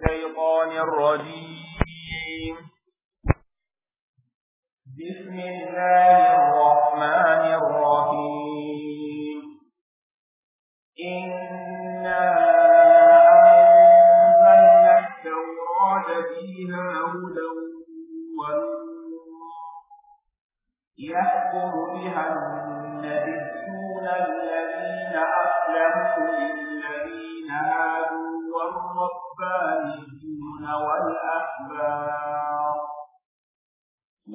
الشيطان الرجيم بسم الله الرحمن الرحيم إنا أنزلنا التوراة فيها هدى ونور يحكم بها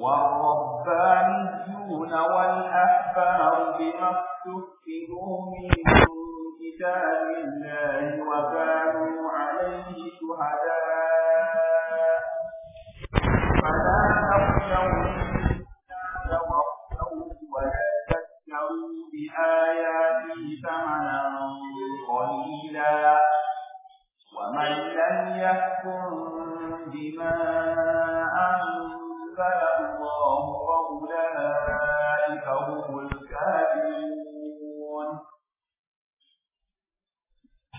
والربانيون والأحبار بما استفهموا من كتاب الله وكانوا عليه شهداء فلا تخشوا الناس واخشوا ولا تشتروا بآياتي ثمنا قليلا ومن لم يحكم بما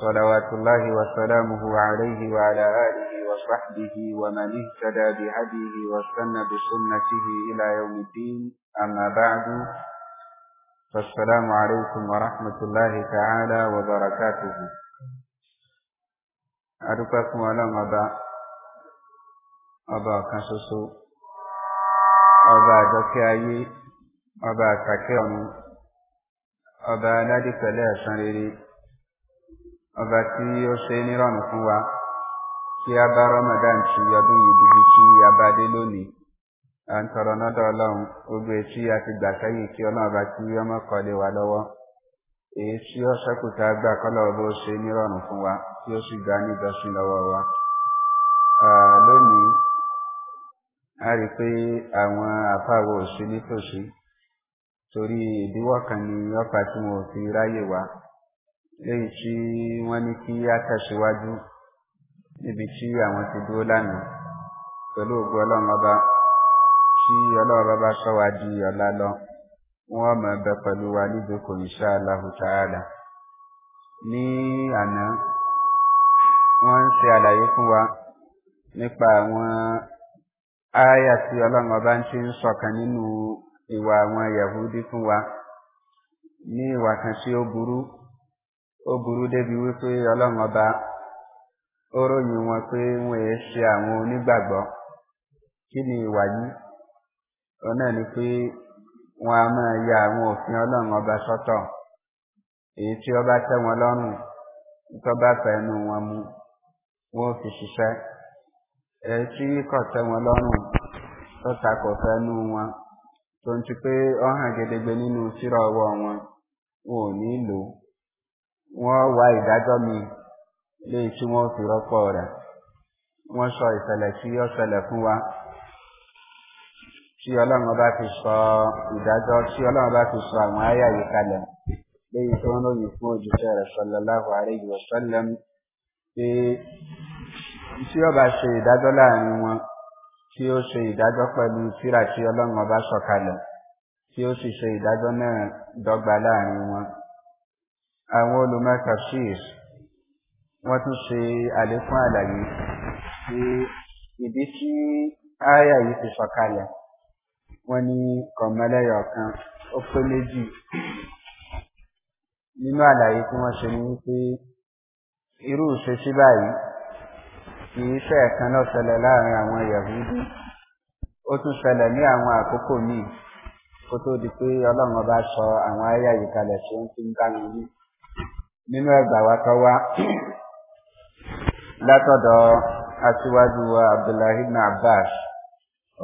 صلوات الله وسلامه عليه وعلى آله وصحبه ومن اهتدى بهديه واستنى بسنته إلى يوم الدين أما بعد فالسلام عليكم ورحمة الله تعالى وبركاته أدوكاكم على مبا أبا كنسوسو أبا دكياي أبا كاكيون أبا نادي فلا شريري ọba tí ó ṣe nírọ̀rùn fún wa kí a bá ramadan ṣe ọdún yìí dìbì tí a bá dé lónìí à ń tọrọ nọ́dọ̀ ọlọ́run gbogbo etí àti gbà sẹ́yìn kí ọlọ́run bá tí ọmọ kọ lé wa lọ́wọ́ èyí tí ó ṣẹ́kùtà gbà kọ́lọ̀ bó ṣe nírọ̀rùn fún wa tí ó sì gbà níjọsìn lọ́wọ́ wa lónìí a rí pé àwọn àfáwò òṣì nítòsí torí ìdíwọ́ kan ni ọ̀pá tí wọn fi ráyè wá léyìí tí wọ́n ní kí á tẹ̀síwájú níbi tí àwọn ti dúró lánàá pẹ̀lú ògbó ọlọ́run ọba tí ọlọ́run ọba sọ wá di ọ̀la lọ wọ́n mọ̀ ẹbẹ pẹ̀lú wa níjókòó ìṣá aláhùtáàlà ní àná wọ́n ń ṣe àlàyé fún wa nípa àwọn ááyà tí ọlọ́run ń ṣe ń sọ̀kan nínú ìwà àwọn yahudi fún wa ní ìwà kan tí ó burú ó burú débi wípé ọlọ́run ọba ó ròyìn wọn pé wọn èé ṣe àwọn onígbàgbọ́ kí ni ìwà yìí òun ni pé wọn a máa ya àwọn òfin ọlọ́run sọ́tọ̀ èyí tí bá tẹ́ wọn lọ́rùn tó bá fẹ́nu wọn mu wọn fi ṣiṣẹ́ èyí tí kò tẹ́ wọn lọ́rùn tó takò fẹ́nu wọn tó ń ti pé ọ hàn gedegbe nínú sírọ̀ ọwọ́ wọn wọn ò ní lò ó. wọ́n wá ìdájọ́ mi léyìí tí wọ́n fi rọ́pọ̀ rẹ̀ wọ́n sọ ìṣẹ̀lẹ̀ tí yọ́ ṣẹlẹ̀ fún wa tí ọlọ́run bá ti sọ ìdájọ́ tí ọlọ́run bá ti sọ àwọn ayé yìí kalẹ̀ léyìí tó ń lóyìn fún òjíṣẹ́ rẹ̀ sọlọ láàbù àríyí ọ̀sọ́lẹ̀m pé tí ọba ṣe ìdájọ́ láàrin wọn tí ó ṣe ìdájọ́ pẹ̀lú tíra tí ọlọ́run ọba sọ kalẹ̀ tí ó sì ṣe ìdájọ́ náà dọ́gba láàrin wọn àwọn olùmọ̀tàṣìr wọ́n tún ṣe àlékún àlàyé sí ìdí tí ááyà yìí ti sọ̀kalẹ̀ wọ́n ní kọ̀mọ́lẹ́yọ̀ kan ó pé méjì nínú àlàyé tí wọ́n ṣe ní wípé irú ìṣesí báyìí kì í ṣe ẹ̀kan náà ṣẹlẹ̀ láàrin àwọn yahudi ó tún ṣẹlẹ̀ ní àwọn àkókò míì kó tó di pé ọlọ́run ọba sọ àwọn ayé àyíkalẹ̀ tí ó fi ń bá wọn ní. nínú ẹgbà wa tọ́ wá látọ̀dọ̀ abdullahi na abbas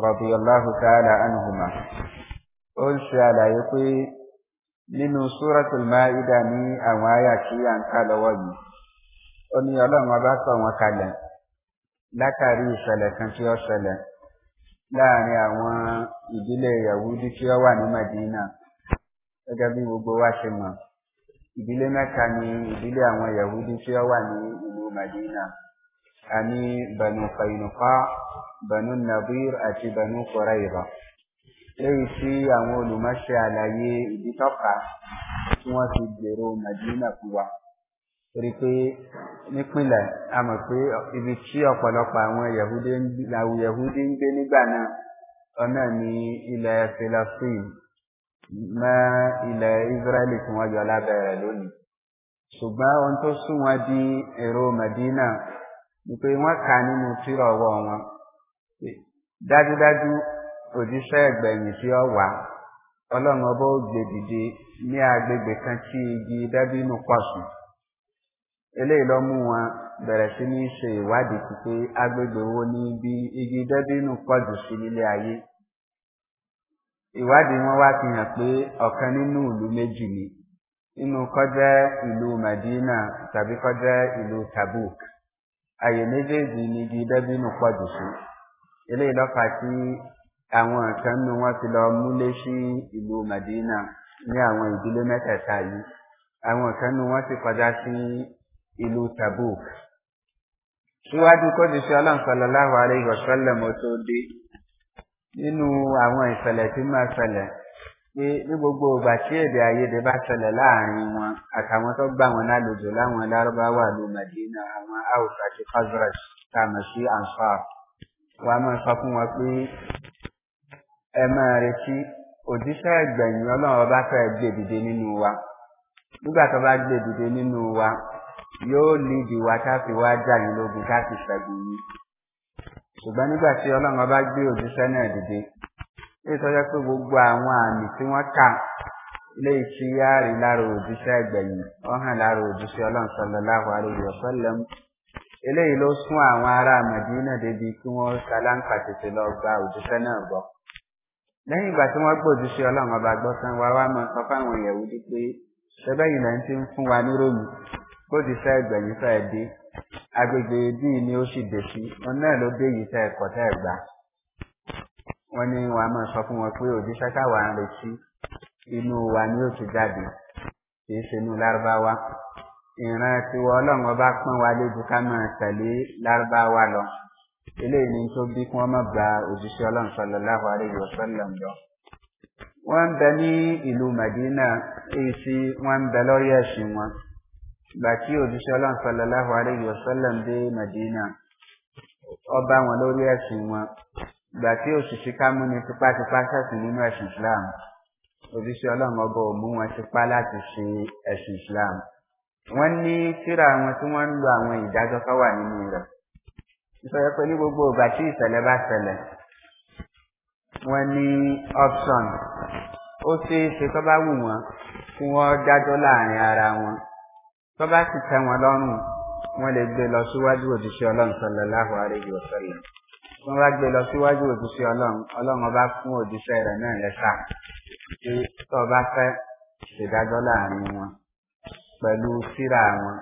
rọ̀bìyàláhu ta'ala anuhuma ó ń ṣe àlàyé pé nínú súratul ma'ida ní àwọn àyà tí a ń ká lọ́wọ́ yìí ó ní ọlọ́run ọba sọ wọn kalẹ̀ látàrí kan tí ó ṣẹlẹ̀ láàrin àwọn ìdílé tí ó wà madina gẹ́gẹ́ bí gbogbo wa ìdílé mẹ́ta ni ìdílé àwọn yahudi tí ó wà ní ìlú madina a ní banu kainuka banu nabir àti banu kọrẹ́ìbà léyìí tí àwọn olùmọ́ṣẹ́ àlàyé ìdítọ́ka tí wọ́n ti gbèrò madina fún wa torí pé nípìnlẹ̀ a mọ̀ pé ibi tí ọ̀pọ̀lọpọ̀ àwọn yahudi ń gbé nígbà náà ọ̀nà ní ilẹ̀ philistine mọ́ ilẹ̀ israẹli tí wọ́n yọ lábẹ́ rẹ̀ lónìí ṣùgbọ́n ohun tó sún wọn di èrò medina ni pé wọ́n kà nínú tírà ọwọ́ wọn dájúdájú òjíṣẹ́ ẹ̀gbẹ̀yìn tí ó wà ọlọ́run ọba ó gbé dìde ní agbègbè kan tí igi dábínú pọ̀ sùn eléyìí ló mú wọn bẹ̀rẹ̀ sí ní ṣe ìwádìí pípé agbègbè wo ni ibi igi dábínú pọ̀ jù sí nílé ayé ìwádìí wọn wá fi hàn pé ọ̀kan nínú ìlú méjì ni nínú kọjá ìlú madina tàbí kọjá ìlú tabuk àyè méjèèjì ni igi dẹ́bínú pọ̀ jù sí eléyìí lọ́fà tí àwọn kan nínú wọn fi lọ múlé sí ìlú madina ní àwọn ìdílé mẹ́tẹ̀ẹ̀ta yìí àwọn kan nínú wọn ti kọjá sí ìlú tabuk síwájú kó ti ṣe ọlọ́nkọlọ́láhùn aláìwọ̀sọ́lẹ̀ mọ́tò dé nínú àwọn ìṣẹ̀lẹ̀ tí máa ṣẹlẹ̀ pé ní gbogbo ìgbà tí èdè àìyedè bá ṣẹlẹ̀ láàrin wọn àtàwọn tó gbà wọn lálejò láwọn lárúbáwá ló mẹ̀dínà àwọn house àti khazraj tá a mọ̀ sí ansar wàá máa sọ fún wọn pé ẹ máa retí òjíṣẹ́ ẹgbẹ̀yìn ọlọ́run ọba fẹ́ gbé dìde nínú wa nígbà tó bá gbé dìde nínú wa yóò lídìí wa ká jà yín lógun ká yín ṣùgbọ́n nígbà tí ọlọ́run ọba gbé òjíṣẹ́ náà dìde lè tọ́jọ́ pé gbogbo àwọn àmì tí wọ́n kà lè ṣí yáàrí lára òjíṣẹ́ ẹgbẹ̀yìn ọ̀hàn lára òjíṣẹ́ ọlọ́run sọlọ́láhùn àríwí ọ̀sọ́lẹ̀m eléyìí ló sún àwọn ará màdínà débi kí wọ́n ṣaláǹkà tètè lọ gba òjíṣẹ́ náà gbọ́ lẹ́yìn ìgbà tí wọ́n gbọ́ òjíṣẹ́ ọlọ́run ọba gbọ́ tán wá wá mọ́ sọ bó ti fẹ́ gbẹ̀yìn fẹ́ dé agbègbè bíi ni ó sì dé sí wọn náà ló dé yìí tẹ́ ẹ̀kọ́ tẹ́ ẹ̀ gbà wọ́n ní wàá máa sọ fún wọn pé òjíṣẹ́ táwa ń retí inú wa ni ó ti jáde kì í ṣe inú lárúbáwá ìran tiwọn ọlọ́run ọba pọ́n wa lójú ká máa tẹ̀lé lárúbáwá lọ eléyìí ni tó bí kí wọ́n má gba òjíṣẹ́ ọlọ́run sọlọ láwọn àríwí ọ̀sọ́lọ̀m lọ. wọ́n ń bẹ ní ìlú màdínà èyí tí wọ́n ń bẹ lórí ẹ̀sìn wọn ìgbà tí òjíṣẹ́ ọlọ́run sọlọ́láhùn aláìyí ọ̀sọ́lọ́m dé mẹ̀dínà ọba wọn lórí ẹ̀sìn wọn ìgbà tí òṣìṣẹ́ kámú ni tipátipá sẹ̀sìn nínú ẹ̀sìn islam òjíṣẹ́ ọlọ́run ọba ò mú wọn tipá láti ṣe ẹ̀sìn islam wọ́n ní síra wọn tí wọ́n ń lo àwọn ìdájọ́ tó wà nínú rẹ̀ nítorí pé ní gbogbo ìgbà tí ìṣẹ̀lẹ̀ bá ṣẹlẹ̀ wọ́n ní option ó ṣeé ṣe tó bá wù wọ́n kí wọ́n dájọ́ láàrin ara wọn tó bá sì tẹ wọn lọ́rùn wọn lè gbé lọ síwájú òjíṣẹ́ ọlọ́run sọlọ láhùn àríyí ọ̀sẹ̀lẹ̀ wọn bá gbé lọ síwájú òjíṣẹ́ ọlọ́run ọlọ́run ọba fún òjíṣẹ́ rẹ̀ náà lẹ́sà tí tó bá fẹ́ ṣèdájọ́ láàrin wọn pẹ̀lú síra wọn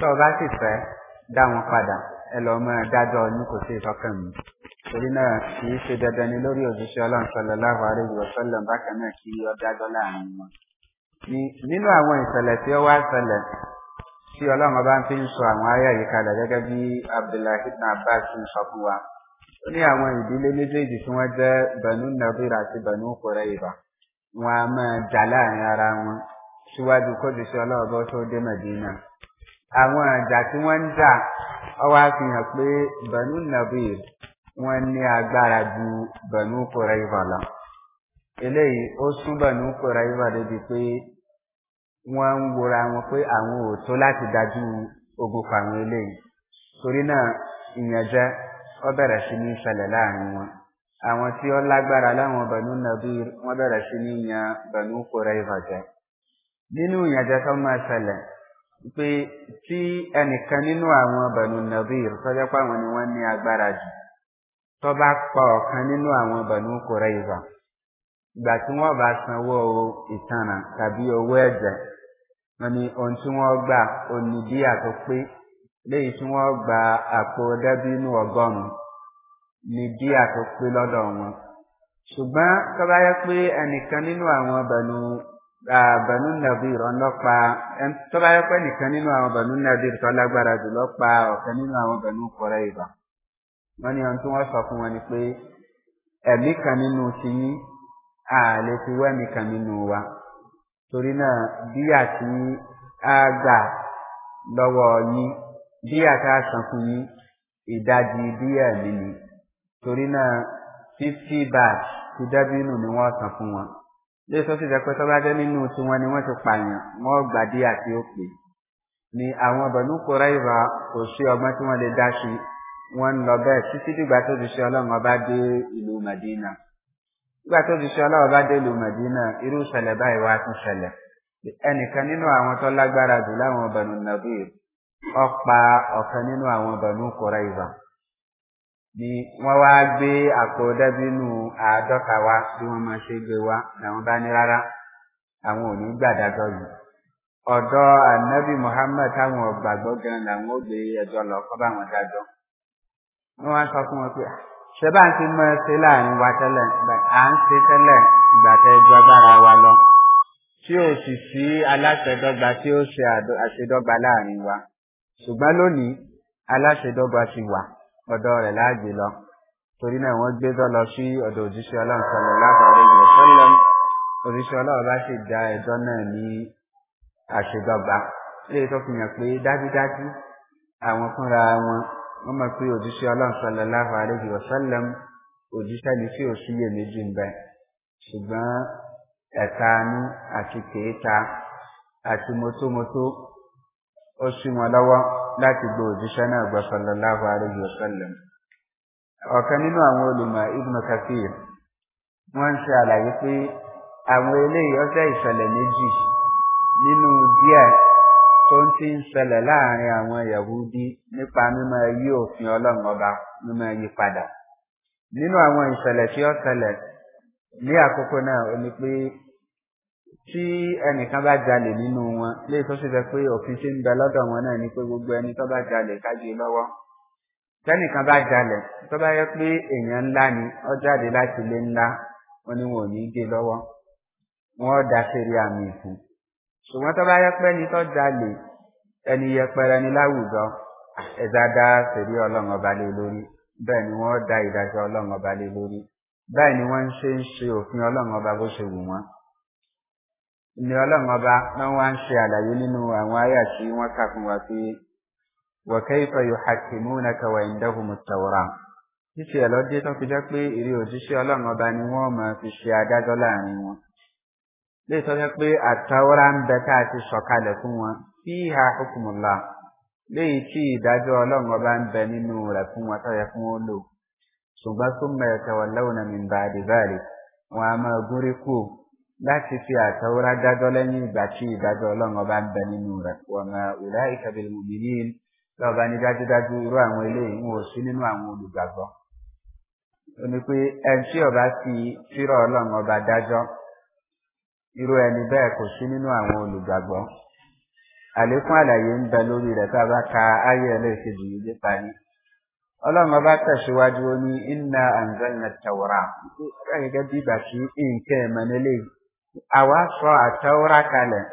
tó bá sì fẹ́ dá wọn padà ẹ lọ mọ dájọ́ ní kò sí ìtọ́kàn mi torí náà kì í ṣe dandan ni lórí òjíṣẹ́ ọlọ́run sọlọ láhùn àríyí ọ̀sẹ̀lẹ̀ tí ọlọ́run ọba fi ń sọ àwọn ayé àyíkalẹ̀ gẹ́gẹ́ bí abdullahi ibn abbas ń sọ fún wa ó ní àwọn ìdílé méjèèjì tí wọ́n jẹ́ bẹ̀nú nàbírà àti bẹ̀nú kòrẹ́ ìbà wọn a máa jà láàrin ara wọn síwájú kóbi sí ọlọ́run ọba tó dé mẹ̀dínà àwọn ìjà tí wọ́n ń jà ọwọ́ àfihàn pé bẹ̀nú nàbír wọ́n ní agbára ju bẹ̀nú kòrẹ́ ìbà lọ eléyìí ó sún bẹ̀nú kòrẹ́ ìbà débi pé wọ́n ń wora wọn pé àwọn ò tó láti dájú ogun pàwọn eléyìí torí náà ìyànjẹ ọ bẹ̀rẹ̀ sí ní ṣẹlẹ̀ láàrin wọn àwọn tí ó lágbára láwọn bẹ̀nú nàbír wọ́n bẹ̀rẹ̀ sí ní yan bẹ̀nú kóra ìbàjẹ́ nínú ìyànjẹ tó máa ṣẹlẹ̀ pé tí ẹnìkan nínú àwọn bẹ̀nú nàbír tọ́jọ́ pàwọn ni wọ́n ní agbára jù tó bá pa ọ̀kan nínú àwọn bẹ̀nú kóra ìbàjẹ́ ìgbà tí wọ́n bá sanwó ìtanràn tàbí owó ẹ̀jẹ̀ wọn ni ohun tí wọ́n gbà onídíyà tó pé léyìí tí wọ́n gba àpò dẹ́bí inú ọgọ́rùn-ún ní díyà tó pé lọ́dọ̀ wọn ṣùgbọ́n tó bá yẹ pé ẹnìkan nínú àwọn bẹ̀nu bẹ̀nu nàbí ìrànlọ́pa tó bá yẹ pé ẹnìkan nínú àwọn bẹ̀nu nàbí tó lágbára jù ọ̀kan nínú àwọn bẹ̀nu kọ̀rẹ́ ìbà wọ́n ní ohun tí wọ́n sọ fún wọn ni pé ẹ̀mí kan nínú ti ààlè fi wẹ́mi kan nínú wa torí náà bí àti á gbà lọ́wọ́ yín bí àti á san fún yín ìdajì bí ẹ̀mí ni torí náà fifty bags ti dẹ́bínú ni wọ́n san fún wọn léṣọ́ sì jẹ́ pé tọ́ba jẹ́ nínú tiwọn ni wọ́n ti pààyàn wọ́n gbà bí àti ó pè ni àwọn bẹ̀nú kóra ìbá kò sí ọgbọ́n tí wọ́n lè dá sí wọ́n ń lọ bẹ́ẹ̀ títí dìgbà tó ti ṣe ọlọ́run ọba dé ìlú madina nígbà tó ti ṣe ọlọ́wọ́ bá délu mẹ̀dínà irú ìṣẹ̀lẹ̀ báyìí wá tún ṣẹlẹ̀ ẹnìkan nínú àwọn tó lágbára jù láwọn bẹ̀rù nàbíyì ọ̀pá ọ̀kan nínú àwọn bẹ̀rù kọ̀rọ̀ ìbà ni wọ́n wá gbé àpò dẹ́bínú àádọ́ta wá bí wọ́n máa ṣe gbé wá làwọn bá ní rárá àwọn ò ní gbàdájọ́ yìí ọ̀dọ́ ànábì muhammed táwọn ọ̀gbàgbọ́ gan làwọn ó gbé ẹjọ́ lọ kọ́ bá wọn dájọ́ wọ́n wá sọ fún wọn pé ṣe bá ń ti mọ ẹsẹ láàrin wa tẹ́lẹ̀ à ń ṣe tẹ́lẹ̀ ìgbà tẹ́ ju agbára wa lọ tí ò sì sí aláṣẹdọ́gba tí ó ṣe àṣedọ́gba láàrin wa ṣùgbọ́n lónìí aláṣedọ́gba ti wà ọ̀dọ́ rẹ̀ láàjì lọ torí náà wọ́n gbé tọ́ lọ sí ọ̀dọ̀ òjíṣẹ́ ọlọ́run sọ̀rọ̀ lábàárẹ̀ ìwọ̀ sọ́lọ́ òjíṣẹ́ ọlọ́run bá sì da ẹjọ́ náà ní àṣedọ́gba léyìí tó fi hàn pé dájúdájú àwọn fúnra wọn wọ́n mọ̀ pé òjíṣẹ́ ọlọ́run sọlọ́láhùn àlejò ọ̀sọ́lẹ̀m òjíṣẹ́ ni tí ò síyè méjì ń bẹ ṣùgbọ́n ẹ̀taanú àti kèéta àti mọ́tómọ́tó ó sí wọn lọ́wọ́ láti gbé òjíṣẹ́ náà gbọ́ sọlọ́láhùn àlejò ọ̀sọ́lẹ̀m ọ̀kan nínú àwọn olùmọ̀ ibùnà kafir wọ́n ń ṣe àlàyé pé àwọn eléyìí ọjọ́ ìṣẹ̀lẹ̀ méjì nínú díẹ̀ sọ ń ti ń ṣẹlẹ̀ láàrin àwọn yahudi nípa mímọ yí òfin ọlọ́run ọba mímọ yí padà nínú àwọn ìṣẹ̀lẹ̀ tí ó ṣẹlẹ̀ ní àkókò náà ó ní pé tí ẹnìkan bá jalè nínú wọn léyìí tó sì fẹ́ pé òfin ṣe ń bẹ lọ́dọ̀ wọn náà ni pé gbogbo ẹni tó bá jalè kájú lọ́wọ́ tẹ́nìkan bá jalè tó bá yẹ pé èèyàn ńlá ni ó jáde láti ilé ńlá wọn ni wọn ò ní gé lọ́wọ́ wọn ó dá sẹ́rí àmì ìfún ṣùgbọ́n tó bá yẹ pé ní tó jalè ẹni yẹpẹrẹ ni láwùjọ ẹ̀dá dá sèrí ọlọ́run ọba lé lórí bẹ́ẹ̀ ni wọ́n dá ìdájọ́ ọlọ́run ọba lé lórí báyìí ni wọ́n ń ṣe ń ṣe òfin ọlọ́run ọba bó ṣe wù wọ́n ni ọlọ́run ọba wọ́n wá ń ṣe àlàyé nínú àwọn àyà tí wọ́n kà fún wa pé wọ̀kẹ́ ìfẹ́ yóò hakimu náà kẹwà ìdáhùn mùtàwùrà títí ẹ̀ lọ́dé tó fi jẹ́ pé ìrí òjíṣẹ́ ọlọ́run ọba ni wọ́n máa fi ṣe adájọ́ láàrin wọn léyìí tó yẹ pé àtàwọ́rá ń bẹ tá a ti sọ̀kalẹ̀ fún wọn sí ìhà hukumula léyìí tí ìdájọ́ ọlọ́run ọba ń bẹ nínú rẹ̀ fún wọn tó yẹ fún wọn lò ṣùgbọ́n tó mẹ̀rẹ̀ tẹ̀wọ̀ lẹ́wọ̀nà mi bá àdìbàrì wọn a máa gúnrí kù láti fi àtàwọ́rá dájọ́ lẹ́yìn ìgbà tí ìdájọ́ ọlọ́run ọba ń bẹ nínú rẹ̀ wọn máa wùlá ìkàbí mùmíní lọ́ba ní dájúdájú irú àwọn eléyìí wọn ò sí nínú àwọn olùgbàgbọ́ ó ní tí ọba fi fírọ̀ ọlọ́run ọba dájọ́ irú ẹni bẹ́ẹ̀ kò sí nínú àwọn olùgbàgbọ́ àlékún àlàyé ń bẹ lórí rẹ̀ tá a bá ka ayé ẹlẹ́ẹ̀kejì yìí dé parí ọlọ́run ọba tẹ̀síwájú ó ní iná àǹzẹ́lẹ̀ tẹ̀wọ́rà gẹ́gẹ́ bí ìgbà tí nǹkan ẹ̀mọ́ àwa sọ àtẹ̀wọ́rà kalẹ̀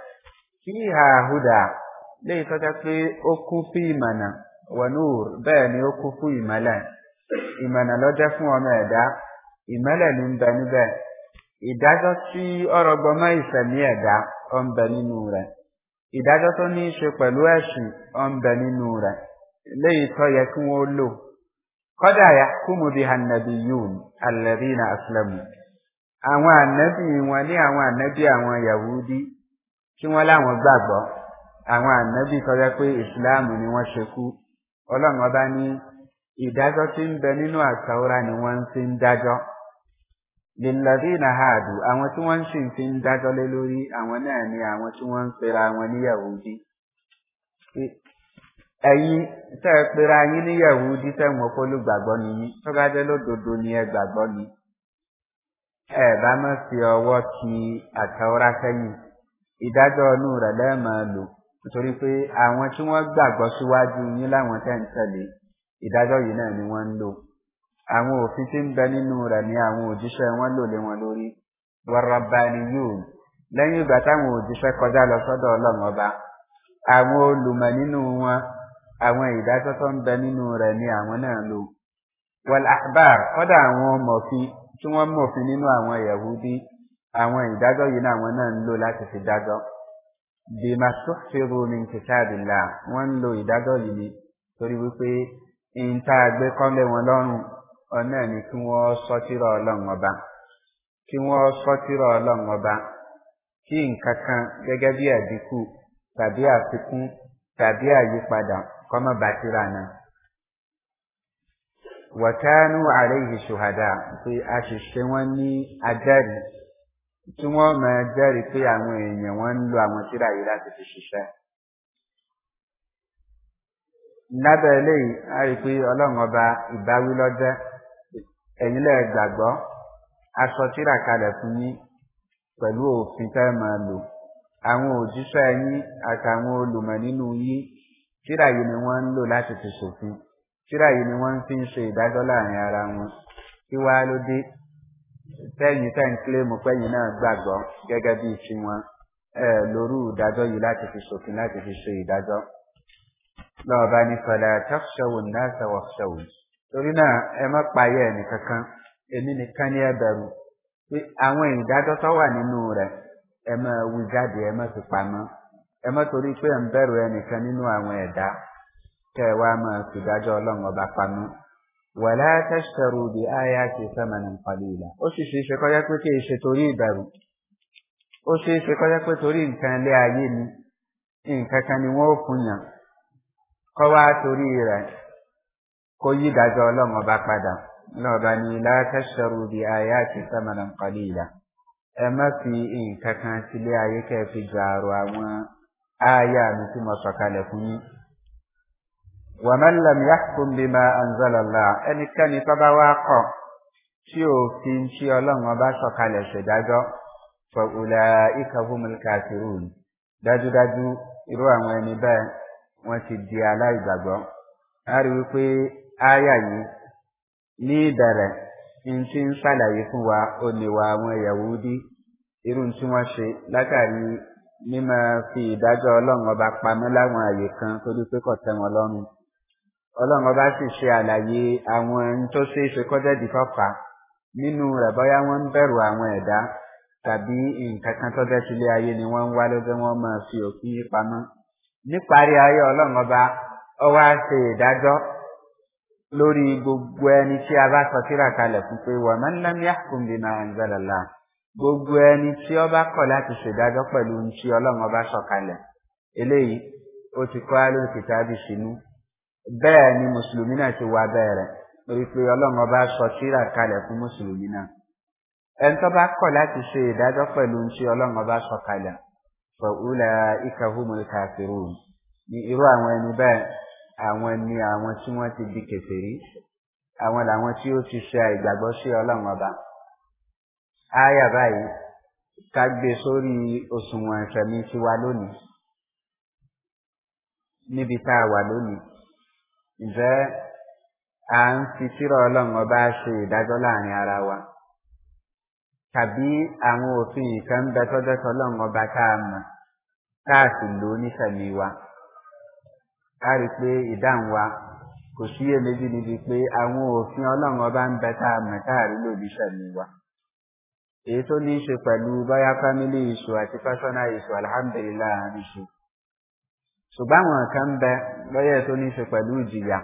kí ìhà àhúdà lè tọ́jọ́ pé ó kú fún ìmọ̀nà wọnúùr bẹ́ẹ̀ ni ó kú fún ìmọ̀lẹ̀ ìmọ̀nà lọ́jọ́ fún ọmọ ẹ̀dá ìmọ̀lẹ̀ ìdájọ́ tí ọ̀rọ̀ gbọmọ́ ìfẹ̀mí ẹ̀dá ọ̀nbẹ nínú rẹ̀ ìdájọ́ tó ní í ṣe pẹ̀lú ẹ̀sùn ọ̀nbẹ nínú rẹ̀ léyìí tó yẹ kí wọ́n lò kọ́dà yà kúmu bí hànàbí yún alẹ́rí na asilamu àwọn ànábì wọn ní àwọn ànábì àwọn yahudi tí wọ́n láwọn gbàgbọ́ àwọn ànábì tó yẹ pé ìsìláàmù ni wọ́n ṣe kú ọlọ́run ọba ní ìdájọ́ tí ń bẹ nínú àtàwọ́ra ni wọ́n ń fi ń dájọ́ lèlàdínà háàdù àwọn tí wọ́n ń ṣì fi ń dájọ́ lé lórí àwọn náà ni àwọn tí wọ́n ń pera wọn ní yahudi ẹ̀yin tẹ́ ẹ pera yín ní yahudi tẹ́ wọn kó lùgbàgbọ́ ni yín tó bá jẹ́ lódodo ni ẹ gbàgbọ́ ni ẹ bá má fi ọwọ́ ti àtàwọ́rá sẹ́yìn ìdájọ́ ọnù rẹ̀ lẹ́ẹ̀mọ́ lò nítorí pé àwọn tí wọ́n gbàgbọ́ síwájú yín láwọn tẹ́ ń tẹ̀lé ìdájọ́ yìí náà ni wọ́n ń lò àwọn òfin tí ń bẹ nínú rẹ̀ ní àwọn òjíṣẹ́ wọn lò lé wọn lórí wọ́rọ̀bani yóò lẹ́yìn ìgbà táwọn òjíṣẹ́ kọjá lọ sọ́dọ̀ ọlọ́run ọba àwọn olùmọ̀ nínú wọn àwọn ìdájọ́ tó ń bẹ nínú rẹ̀ ní àwọn náà lò wọ́n àbár kọ́dà àwọn mọ̀fin tí wọ́n mọ̀fin nínú àwọn yahudi àwọn ìdájọ́ yìí náà àwọn náà ń lò láti fi dájọ́ bí masúfèrò ní kìtàbílà wọ́n ń lo ìdájọ́ yìí torí wípé ìntàgbẹ́kọ́lẹ̀ wọn lọ́rùn ọ̀nà ni kí wọ́n sọ́tírọ̀ ọlọ́run kí wọ́n sọ́tírọ̀ ọlọ́run ọba kí nǹkan kan gẹ́gẹ́ bí àdínkù tàbí àfikún tàbí àyípadà kọ́mọ́ bá síra náà. wọ̀kánú àlẹ́yìí ṣòhádà pé a sì ní ajẹ́rìí tí wọ́n máa jẹ́rìí pé àwọn wọ́n ń lo a rí i pé ọlọ́run ọba ìbáwí ẹ̀yin lẹ́ẹ̀ gbàgbọ́ aṣọ tíra kalẹ̀ fún yín pẹ̀lú òfin tẹ́ máa lò àwọn òjíṣẹ́ yín àtàwọn olùmọ̀ nínú yín tíra yìí ni wọ́n ń lò láti fi ṣòfin tíra yìí ni wọ́n fi ń ṣe ìdájọ́ láàrin ara wọn kí wá ló dé tẹ́yìn tẹ́ ń kílèmù pẹ́yìn náà gbàgbọ́ gẹ́gẹ́ bíi tiwọn lórú ìdájọ́ yìí láti fi ṣòfin láti fi ṣe ìdájọ́ lọ́ọ̀bá ní fọlá tọ́ṣọ̀wò náà ṣọwọ́ṣọ̀wò torí náà ẹ má payẹ ẹnìkankan èmi nìkan ni ẹ bẹ̀rù pé àwọn ìdájọ́ tó wà nínú rẹ̀ ẹ má wí jáde ẹ má fi pamọ́ ẹ má torí pé ẹ ń bẹ̀rù ẹnìkan nínú àwọn ẹ̀dá kẹ ẹ wá ọlọ́run ọba pamọ́ wàlá tẹ́sítẹ́rù bí aya ti sẹ́mẹ̀nì pàlú ìlà ó sì ṣe ṣe pé kí torí ìbẹ̀rù ó ṣe kó yí ìdájọ́ ọlọ́run ọba padà lọ́ọ̀bá ni látẹ́sẹ̀rù bí ayé àti sẹ́mọ̀nà pàdé ìlà ẹ má fi nǹkan kan sílé ayé kẹ́ fi jàrò àwọn ayé àmì tí mo sọ̀kalẹ̀ fún yín wàmẹ́lẹ̀m yàkùn bí ma ànzọ́lọ́lá ẹnikẹ́ni tó bá wá kọ̀ tí ò tí ọlọ́run ọba sọ̀kalẹ̀ ṣèdájọ́ fọ̀ùlà ìkàhùmùlùkà kìrù dájúdájú irú àwọn ẹni bẹ́ẹ̀ wọ́n ti di aláìgbàgbọ́ a rí wípé Aya yìí ní ìbẹ̀rẹ̀ ní ti ń ṣàlàyé fún wa oníwà àwọn yahudi irú tí wọ́n ṣe látàrí mímọ fi ìdájọ́ ọlọ́run ọba pamọ́ láwọn àyè kan torí pé kò tẹ́ wọn lọ́rùn ọlọ́run ọba sì ṣe àlàyé àwọn ẹni tó ṣe é ṣe kọ́jẹ́dì fọ́fà nínú rẹ̀ bọ́yá wọ́n ń bẹ̀rù àwọn ẹ̀dá tàbí nǹkan kan tó bẹ́ẹ̀ tilé ayé ni wọ́n ń wá lọ́jọ́ wọ́n máa fi òfin pamọ́ níparí ayé ọlọ́run ọba ọwọ́ á ṣe ìdájọ́ lórí gbogbo ẹni tí a bá sọ síra kalẹ̀ fún pé wà máa ń lẹ́mí àkùn bí máa ń zẹlẹ̀ la gbogbo ẹni tí ó bá kọ̀ láti ṣèdájọ́ pẹ̀lú ohun tí ọlọ́run ọba sọ kalẹ̀ eléyìí ó ti kọ́ lórí kìtàbí sínú bẹ́ẹ̀ ni mùsùlùmí náà ti wá bẹ́ẹ̀rẹ̀ torí pé ọlọ́run ọba sọ síra kalẹ̀ fún mùsùlùmí náà ẹni tó bá kọ̀ láti ṣe ìdájọ́ pẹ̀lú ohun tí ọlọ́run ọba sọ kalẹ̀ àwọn ni àwọn tí wọ́n ti di kẹfẹ́rí àwọn làwọn tí ó ti ṣe àìgbàgbọ́ sí ọlọ́run ọba ááyà báyìí ká gbé sórí òṣùwọ̀n ìfẹ̀mí tiwa lónìí níbi tá a wà lónìí ǹjẹ́ à ń fi sírọ̀ ọlọ́run ọba ṣe ìdájọ́ láàrin ara wa tàbí àwọn òfin ìkan bẹ tọ́jọ́ tọ́lọ́run ọba tá a mọ̀ tá a sì lò ó nífẹ̀mí wa a rí i pé ìdáhùn wa kò síyè méjì níbi pé àwọn òfin ọlọ́run ọba ń bẹ tá a mọ̀ káàrí lòdì sẹ̀mí wa èyí tó ní í ṣe pẹ̀lú báyá fámílì ìṣù àti pásánà ìṣù alhamdulilá ìṣù ṣùgbọ́n àwọn kan ń bẹ lọ́yẹ̀ tó ní í ṣe pẹ̀lú ìjìyà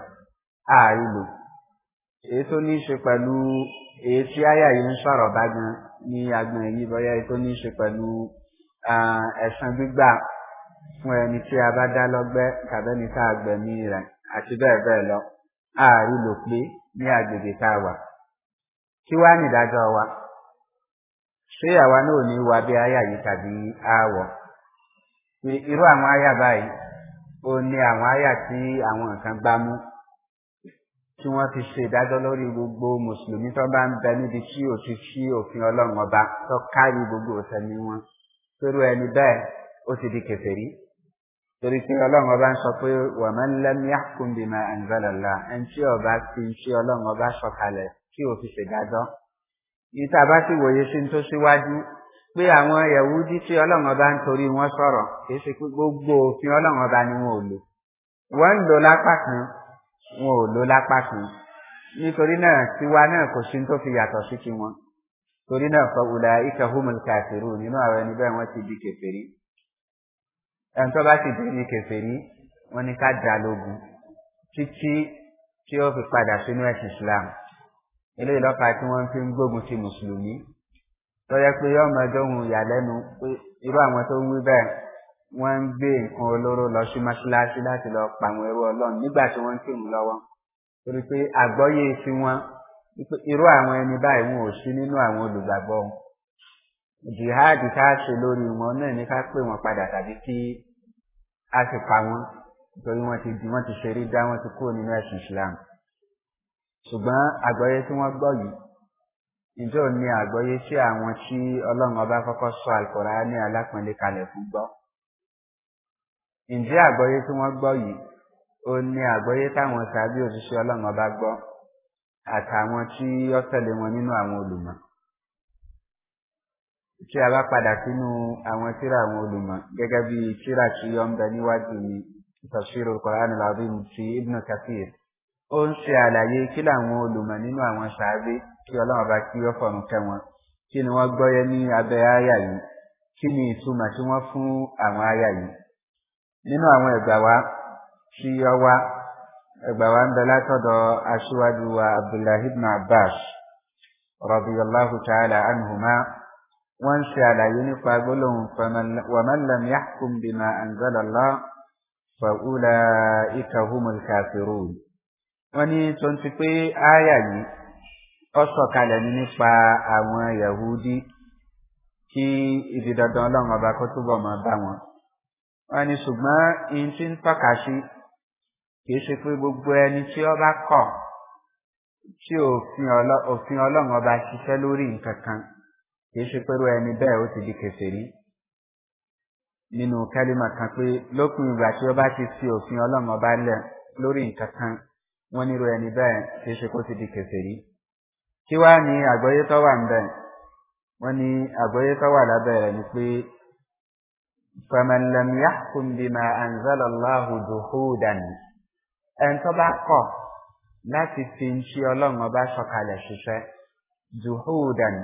ààrí lò èyí tó ní í ṣe pẹ̀lú èyí tí àyà yìí ń sọ̀rọ̀ bá gan ní agbọ̀n yìí bọ́yá tó ní í ṣe pẹ̀lú ah, ẹ̀sán gbígbà fún ẹni tí a bá dá lọ́gbẹ́ tàbẹ́ni tá a gbẹ̀mí rẹ̀ àti bẹ́ẹ̀ bẹ́ẹ̀ lọ ààrí lò pé ní agbègbè tá a wà. kí wá nìdájọ́ wa ṣé àwa náà ní wa bí aya yìí tàbí aáwọ̀ irú àwọn aya báyìí ó ní àwọn aya tí àwọn nǹkan gbá mú tí wọ́n ti ṣe ìdájọ́ lórí gbogbo mùsùlùmí tó bá ń bẹ níbi tí ò ti ṣí òfin ọlọ́run ọba tó kárí gbogbo òsẹ̀mí wọn pẹ̀lú ẹni bẹ́ẹ̀ ó ti di kẹfẹ́rí torí pé ọlọ́run ọba ń sọ pé wàmọ́ lẹ́mí àkùnbìmọ̀ àǹzọ́lọ́lá ẹn tí ọba ti ń tí ọlọ́run ọba sọ̀kalẹ̀ tí ò fi ṣèdájọ́ níta bá sì wòye sí tó síwájú pé àwọn yẹ̀wúdí tí ọlọ́run ọba ń torí wọn sọ̀rọ̀ kìí ṣe pé gbogbo òfin ọlọ́run ọba ni wọn ò lò wọ́n ń lò lápá kan wọn ò lò lápá kan nítorí náà tiwa náà kò sí tó fi yàtọ̀ sí tiwọn torí náà fọwọ́lá ikahumul kàfẹ́rù nínú àwọn ẹni bẹ́ẹ̀ wọ́n ti di kẹfẹ́rí ẹni tó bá sì dé ní kẹfẹ́rí wọn ni ká dá lógun títí tí ó fi padà sínú ẹ̀sìn islam ilé ìlọ́pàá tí wọ́n fi ń gbógun ti mùsùlùmí tó yẹ pé yọ́mọ dóhùn ìyàlẹ́nu pé irú àwọn tó ń wí bẹ́ẹ̀ wọ́n ń gbé nǹkan olóró lọ sí mọ́ṣáláṣí láti lọ pa àwọn ẹrú ọlọ́run nígbà tí wọ́n ń kírun lọ́wọ́ torí pé àgbọ́yé sí wọn wípé irú àwọn ẹni báyìí wọn ò sí nínú àwọn olùgbàgbọ́ jihad tá a ṣe lórí wọn náà ní ká pè wọn padà tàbí kí a sì pa wọn nítorí wọ́n ti di wọ́n ti ṣe rí dá wọ́n ti kúrò nínú ẹ̀sìn islam ṣùgbọ́n àgbọ́yé tí wọ́n gbọ́ yìí ìjọ ni àgbọ́yé tí àwọn tí ọlọ́run ọba kọ́kọ́ sọ àlùkòrá ní alápọ̀nlé kalẹ̀ fún gbọ́ ǹjẹ́ àgbọ́yé tí wọ́n gbọ́ yìí ó ní àgbọ́yé táwọn sàbí òṣìṣẹ́ ọlọ́run ọba gbọ́ àtàwọn tí ó tẹ̀lé wọn nínú àwọn olùmọ̀ tí a bá padà sínú àwọn tíra àwọn olùmọ̀ gẹ́gẹ́ bí tíra tí ó ń bẹ níwájú ni ìtọ̀síro koran labin ti ibn kafir ó ń ṣe àlàyé kí làwọn olùmọ̀ nínú àwọn ṣáábé kí ọlọ́run bá kí ó fọ̀rùn kẹ wọn kí ni wọ́n gbọ́yẹ ní abẹ́ áyà yìí kí ni ìtumọ̀ tí wọ́n fún àwọn áyà yìí nínú àwọn ẹ̀gbà wa tí ó wá ẹ̀gbà wa ń bẹ látọ̀dọ̀ aṣíwájú wa abdullahi ibn abbas rọ̀bìyàlláhu ta'ala anhumah wọ́n ń ṣe àlàyé nípa gbólóhùn wàmálàm yàkùn bímà àǹzálàlá fàúlà ìkàhùmùl kàfìrù wọ́n ní tó ń ti pé ááyà yìí ọ sọ̀kalẹ̀ ní nípa àwọn yahudi kí ìdí dandan ọlọ́run ọba kó túbọ̀ máa bá wọn wọ́n ní ṣùgbọ́n ihun tí ń tọ́ka sí kìí ṣe pé gbogbo ẹni tí ọ bá kọ̀ tí òfin ọlọ́run ọba ṣiṣẹ́ lórí nǹkan kan kìí ṣe pẹ́rú ẹni bẹ́ẹ̀ ó ti di kẹsẹ̀rí nínú kẹ́límà kan pé lópin ìgbà tí ó bá ti fi òfin ọlọ́run ọba lẹ̀ lórí nǹkan kan wọ́n nírú ẹni bẹ́ẹ̀ kìí ṣe kó ti di kẹsẹ̀rí kí wá ní àgbọ́yé tó wà ń wọ́n ní àgbọ́yé tó wà lábẹ́ rẹ̀ ni pé fẹ̀mẹ̀lẹ̀mìyà kùnbìmà àǹzẹ́lọ́láhùn dùhúdàn ẹni tó bá kọ̀ láti fi ń ṣe ọlọ́run ọba sọ̀kalẹ̀ ṣiṣẹ́ dùhúdàn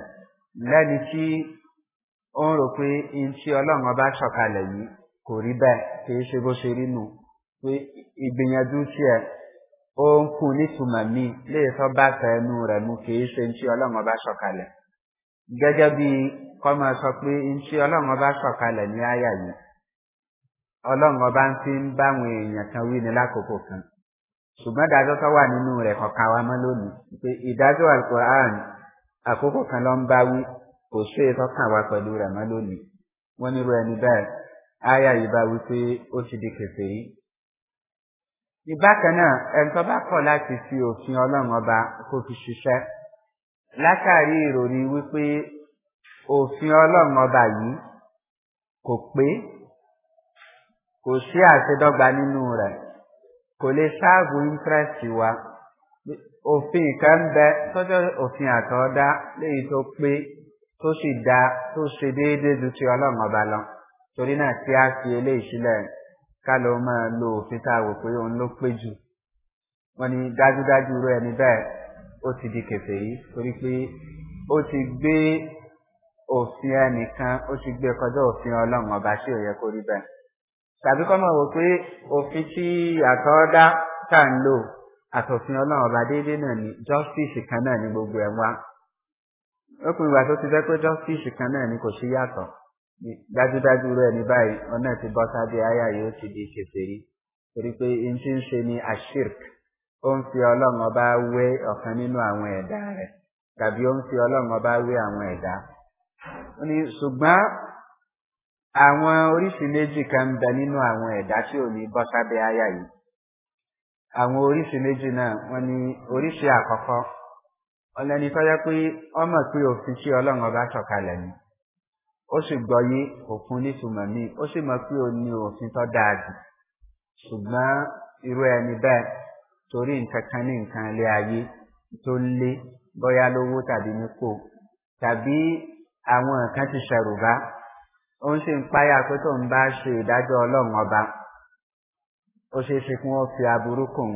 lẹ́ni tí ó ń rò pé in tí ọlọ́run ọba sọ̀kalẹ̀ yìí kò rí bẹ́ẹ̀ tí ṣe bó ṣe rí nù pé ìgbìyànjú tiẹ̀ ó ń kú nítumọ̀ bá ṣe in tí ọlọ́run ọba sọ̀kalẹ̀ gẹ́gẹ́ bí kọ́mọ sọ pé in tí ọlọ́run ọba sọ̀kalẹ̀ ní àyà yìí ọlọ́run ọba ń fi ń báwọn èèyàn kan wí lákòókò kan ṣùgbọ́n ìdájọ́ tó wà nínú rẹ̀ kọ̀ọ̀kan àkókò kan ló ń bá wí kò ṣe é tọ́kàn wá pẹ̀lú rẹ̀ mọ́ lónìí wọ́n nírú ẹni bẹ́ẹ̀ áyà yìí bá wí pé ó ti di kẹsẹ̀ yìí. ìbákan náà ẹni tó bá kọ̀ láti fi òfin ọlọ́run ọba kó fi ṣiṣẹ́ látàrí ìròyìn wípé òfin ọlọ́run ọba yìí kò pé kò sí àṣedọ́gba nínú rẹ̀ kò lè ṣáàbù íńtírẹ́sì wa òfin ìkan bẹ tọ́jọ́ òfin àtọ́dá léyìí tó pé tó sì da tó ṣe déédéé ju ti ọlọ́run ọba lọ torí náà tí a fi eléyìí sílẹ̀ ká ló máa lo òfin tá a wò pé òun ló pé jù wọ́n ní dájúdájú irú ẹni bẹ́ẹ̀ ó ti di kẹfẹ́ yìí torí pé ó ti gbé òfin ẹnìkan ó ti gbé kọjá òfin ọlọ́run ọba sí òye kó bẹ́ẹ̀ tàbí kọ́ mọ̀ wò pé òfin tí àtọ́dá tá à ń lò àtòfin ọlọ́run ọba déédéé náà ni justice kan náà ni gbogbo ẹ̀ wá lópin ìgbà tó ti fẹ́ pé justice kan náà ni kò sí yàtọ̀ dájúdájú rẹ̀ ní báyìí ọ̀nà ti bọ́ sábẹ́ àyà yóò ti di kèfèrí torí pé n ti ń ṣe ni ashirk ó ń fi ọlọ́run ọba wé ọ̀kan nínú àwọn ẹ̀dá rẹ̀ tàbí ó ń fi ọlọ́run ọba wé àwọn ẹ̀dá ó ní ṣùgbọ́n àwọn oríṣi méjì kan ń bẹ nínú àwọn ẹ̀dá tí ò ní bọ́ sábẹ́ àyà yìí àwọn oríṣi méjì náà wọ́n ní oríṣi àkọ́kọ́ ọlẹ́ni tó yẹ pé ọmọ pé òfin tí ọlọ́run ọba sọ̀kalẹ̀ ni ó sì gbọ́ yé òfin nítumọ̀ míì ó sì mọ̀ pé ó ní òfin tó dáa jù ṣùgbọ́n irú ẹni bẹ́ẹ̀ torí nǹkan kan ní nǹkan ilé ayé tó ń lé bóyá lówó tàbí nípò tàbí àwọn nǹkan ti ṣẹ̀rù bá ó ń ṣe ń páyà pé tó ń bá ṣe ìdájọ́ ọlọ́run ọba ó ṣeé ṣe kí wọ́n fi aburú kò ń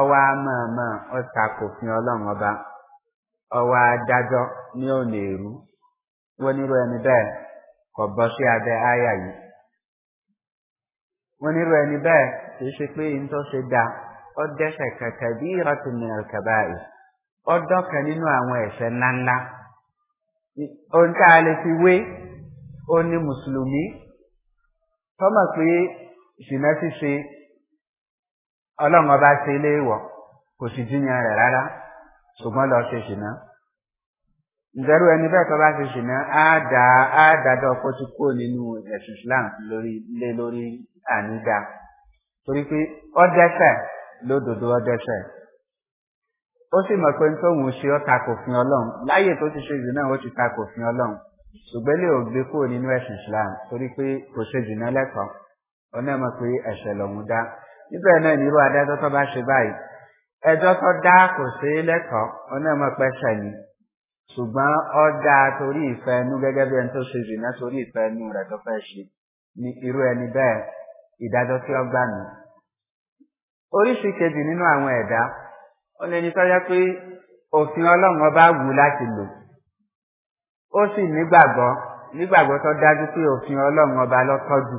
ọwọ́ àmọ́ọ̀mọ́ ó takòfin ọlọ́run ọba ọwọ́ adájọ́ wọ́n nírú ẹni bẹ́ẹ̀ kò bọ́ sí abẹ́ áyà yìí wọ́n nírú ẹni bẹ́ẹ̀ kì í ṣe pé tó ṣe ó kẹ̀kẹ́ bí yìí ó nínú àwọn ńláńlá ohun a lè fi wé ó ní ìṣìnà ṣíṣe ọlọ́run ọba ṣe ilé ìwọ̀ kò sì jíyan rẹ̀ rárá ṣùgbọ́n lọ ṣe ṣìnà ìdẹ́rù ẹni bẹ́ẹ̀ tó bá ṣe ṣìnà á dá á dájọ́ kó ti kúrò nínú ẹ̀sùn islam lórí lé lórí àníga torí pé ọdẹ́sẹ̀ lódodo ọdẹ́sẹ̀ ó sì mọ̀ pé tóun ṣe ọ́ ta kò fin ọlọ́run láyè tó ti ṣe jù náà ó ti ta kò fin ọlọ́run ṣùgbọ́n lè ò gbé kúrò nínú ẹ̀sùn islam torí pé kò ṣe jù náà lẹ́kọ̀ọ́ ọ̀nà mọ̀ pé ẹ̀ṣẹ̀ lòun dá níbẹ̀ náà ní irú adájọ́ tó bá ṣe báyìí ẹjọ́ tó dá kò sí lẹ́kọ̀ọ́ ọ̀nà mọ̀ pé ẹ̀ṣẹ̀ ni ṣùgbọ́n ọ dá torí ìfẹ́ inú gẹ́gẹ́ bí ẹni tó ṣe jù náà torí ìfẹ́ inú rẹ̀ tó fẹ́ ṣe ní irú ẹni bẹ́ẹ̀ ìdájọ́ tí ó gbà nù. oríṣi kejì nínú àwọn ẹ̀dá ó lè ní tọ́jọ́ pé òfin ọlọ́run ọba wù láti lò ó sì nígbàgbọ́ nígbàgbọ́ tó dájú pé òfin ọlọ́run ọba lọ́tọ́jú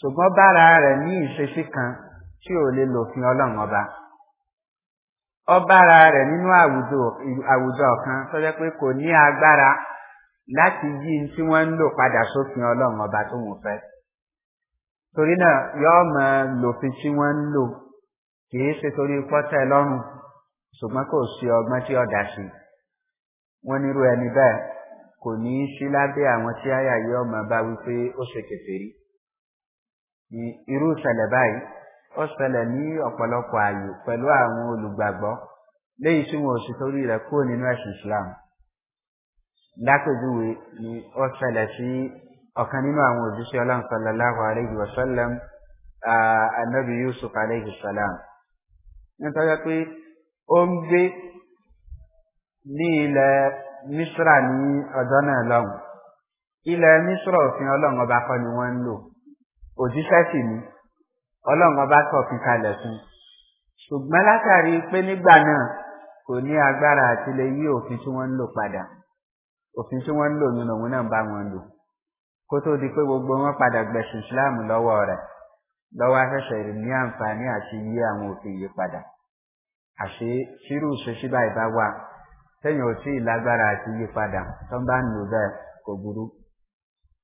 ṣùgbọ́n bára rẹ̀ ní ìṣesí kan tí ò lè lòfin ọlọ́run ọba ọbára rẹ̀ nínú àwùjọ kan tó jẹ́ pé kò ní agbára láti yí tí wọ́n ń lò padà sófin ọlọ́run ọba tó wọ́n fẹ́ torí náà yọ́ mọ lòfin tí wọ́n ń lò kìí ṣe torí pọ́tẹ́ lọ́rùn ṣùgbọ́n kò sí ọgbọ́n tí ọ̀dà sí wọ́n nírú ẹni bẹ́ẹ̀ kò ní í sí lábẹ́ àwọn tí àyà yọ́ mọ bá wípé ó ṣe kẹfẹ́ irú ìṣẹ̀lẹ̀ báyìí ó ṣẹlẹ̀ ní ọ̀pọ̀lọpọ̀ ààyè pẹ̀lú àwọn olùgbàgbọ́ léyìí tí wọn ò sì torí rẹ̀ kúrò nínú ẹ̀sìn islam lápèjúwe ni ó ṣẹlẹ̀ sí ọ̀kan nínú àwọn òjíṣẹ́ ọlọ́run sallallahu alayhi wa sallam anabi yusuf alayhi salam nítorí pé ó ń gbé ní ilẹ̀ misra ní ọjọ́ náà lọ́hùn ilẹ̀ misra òfin ọlọ́run ọba kọ́ ni wọ́n ń lò òjíṣẹ́ sì ni ọlọ́run ọba sọ̀fin kalẹ̀ fún ṣùgbọ́n látàrí pé nígbà náà kò ní agbára àti lè yí òfin tí wọ́n ń lò padà òfin tí wọ́n ń lò nínú òun náà bá wọn lò kó tó di pé gbogbo wọn padà gbẹ̀sùn islam lọ́wọ́ rẹ̀ lọ́wọ́ afẹ́fẹ́ ní àǹfààní àti yí àwọn òfin yìí padà àṣé tírú ìṣesí báyìí bá wà sẹ́yìn ò sí àti yí padà tó ń bá ń lò bẹ́ẹ̀ kò burú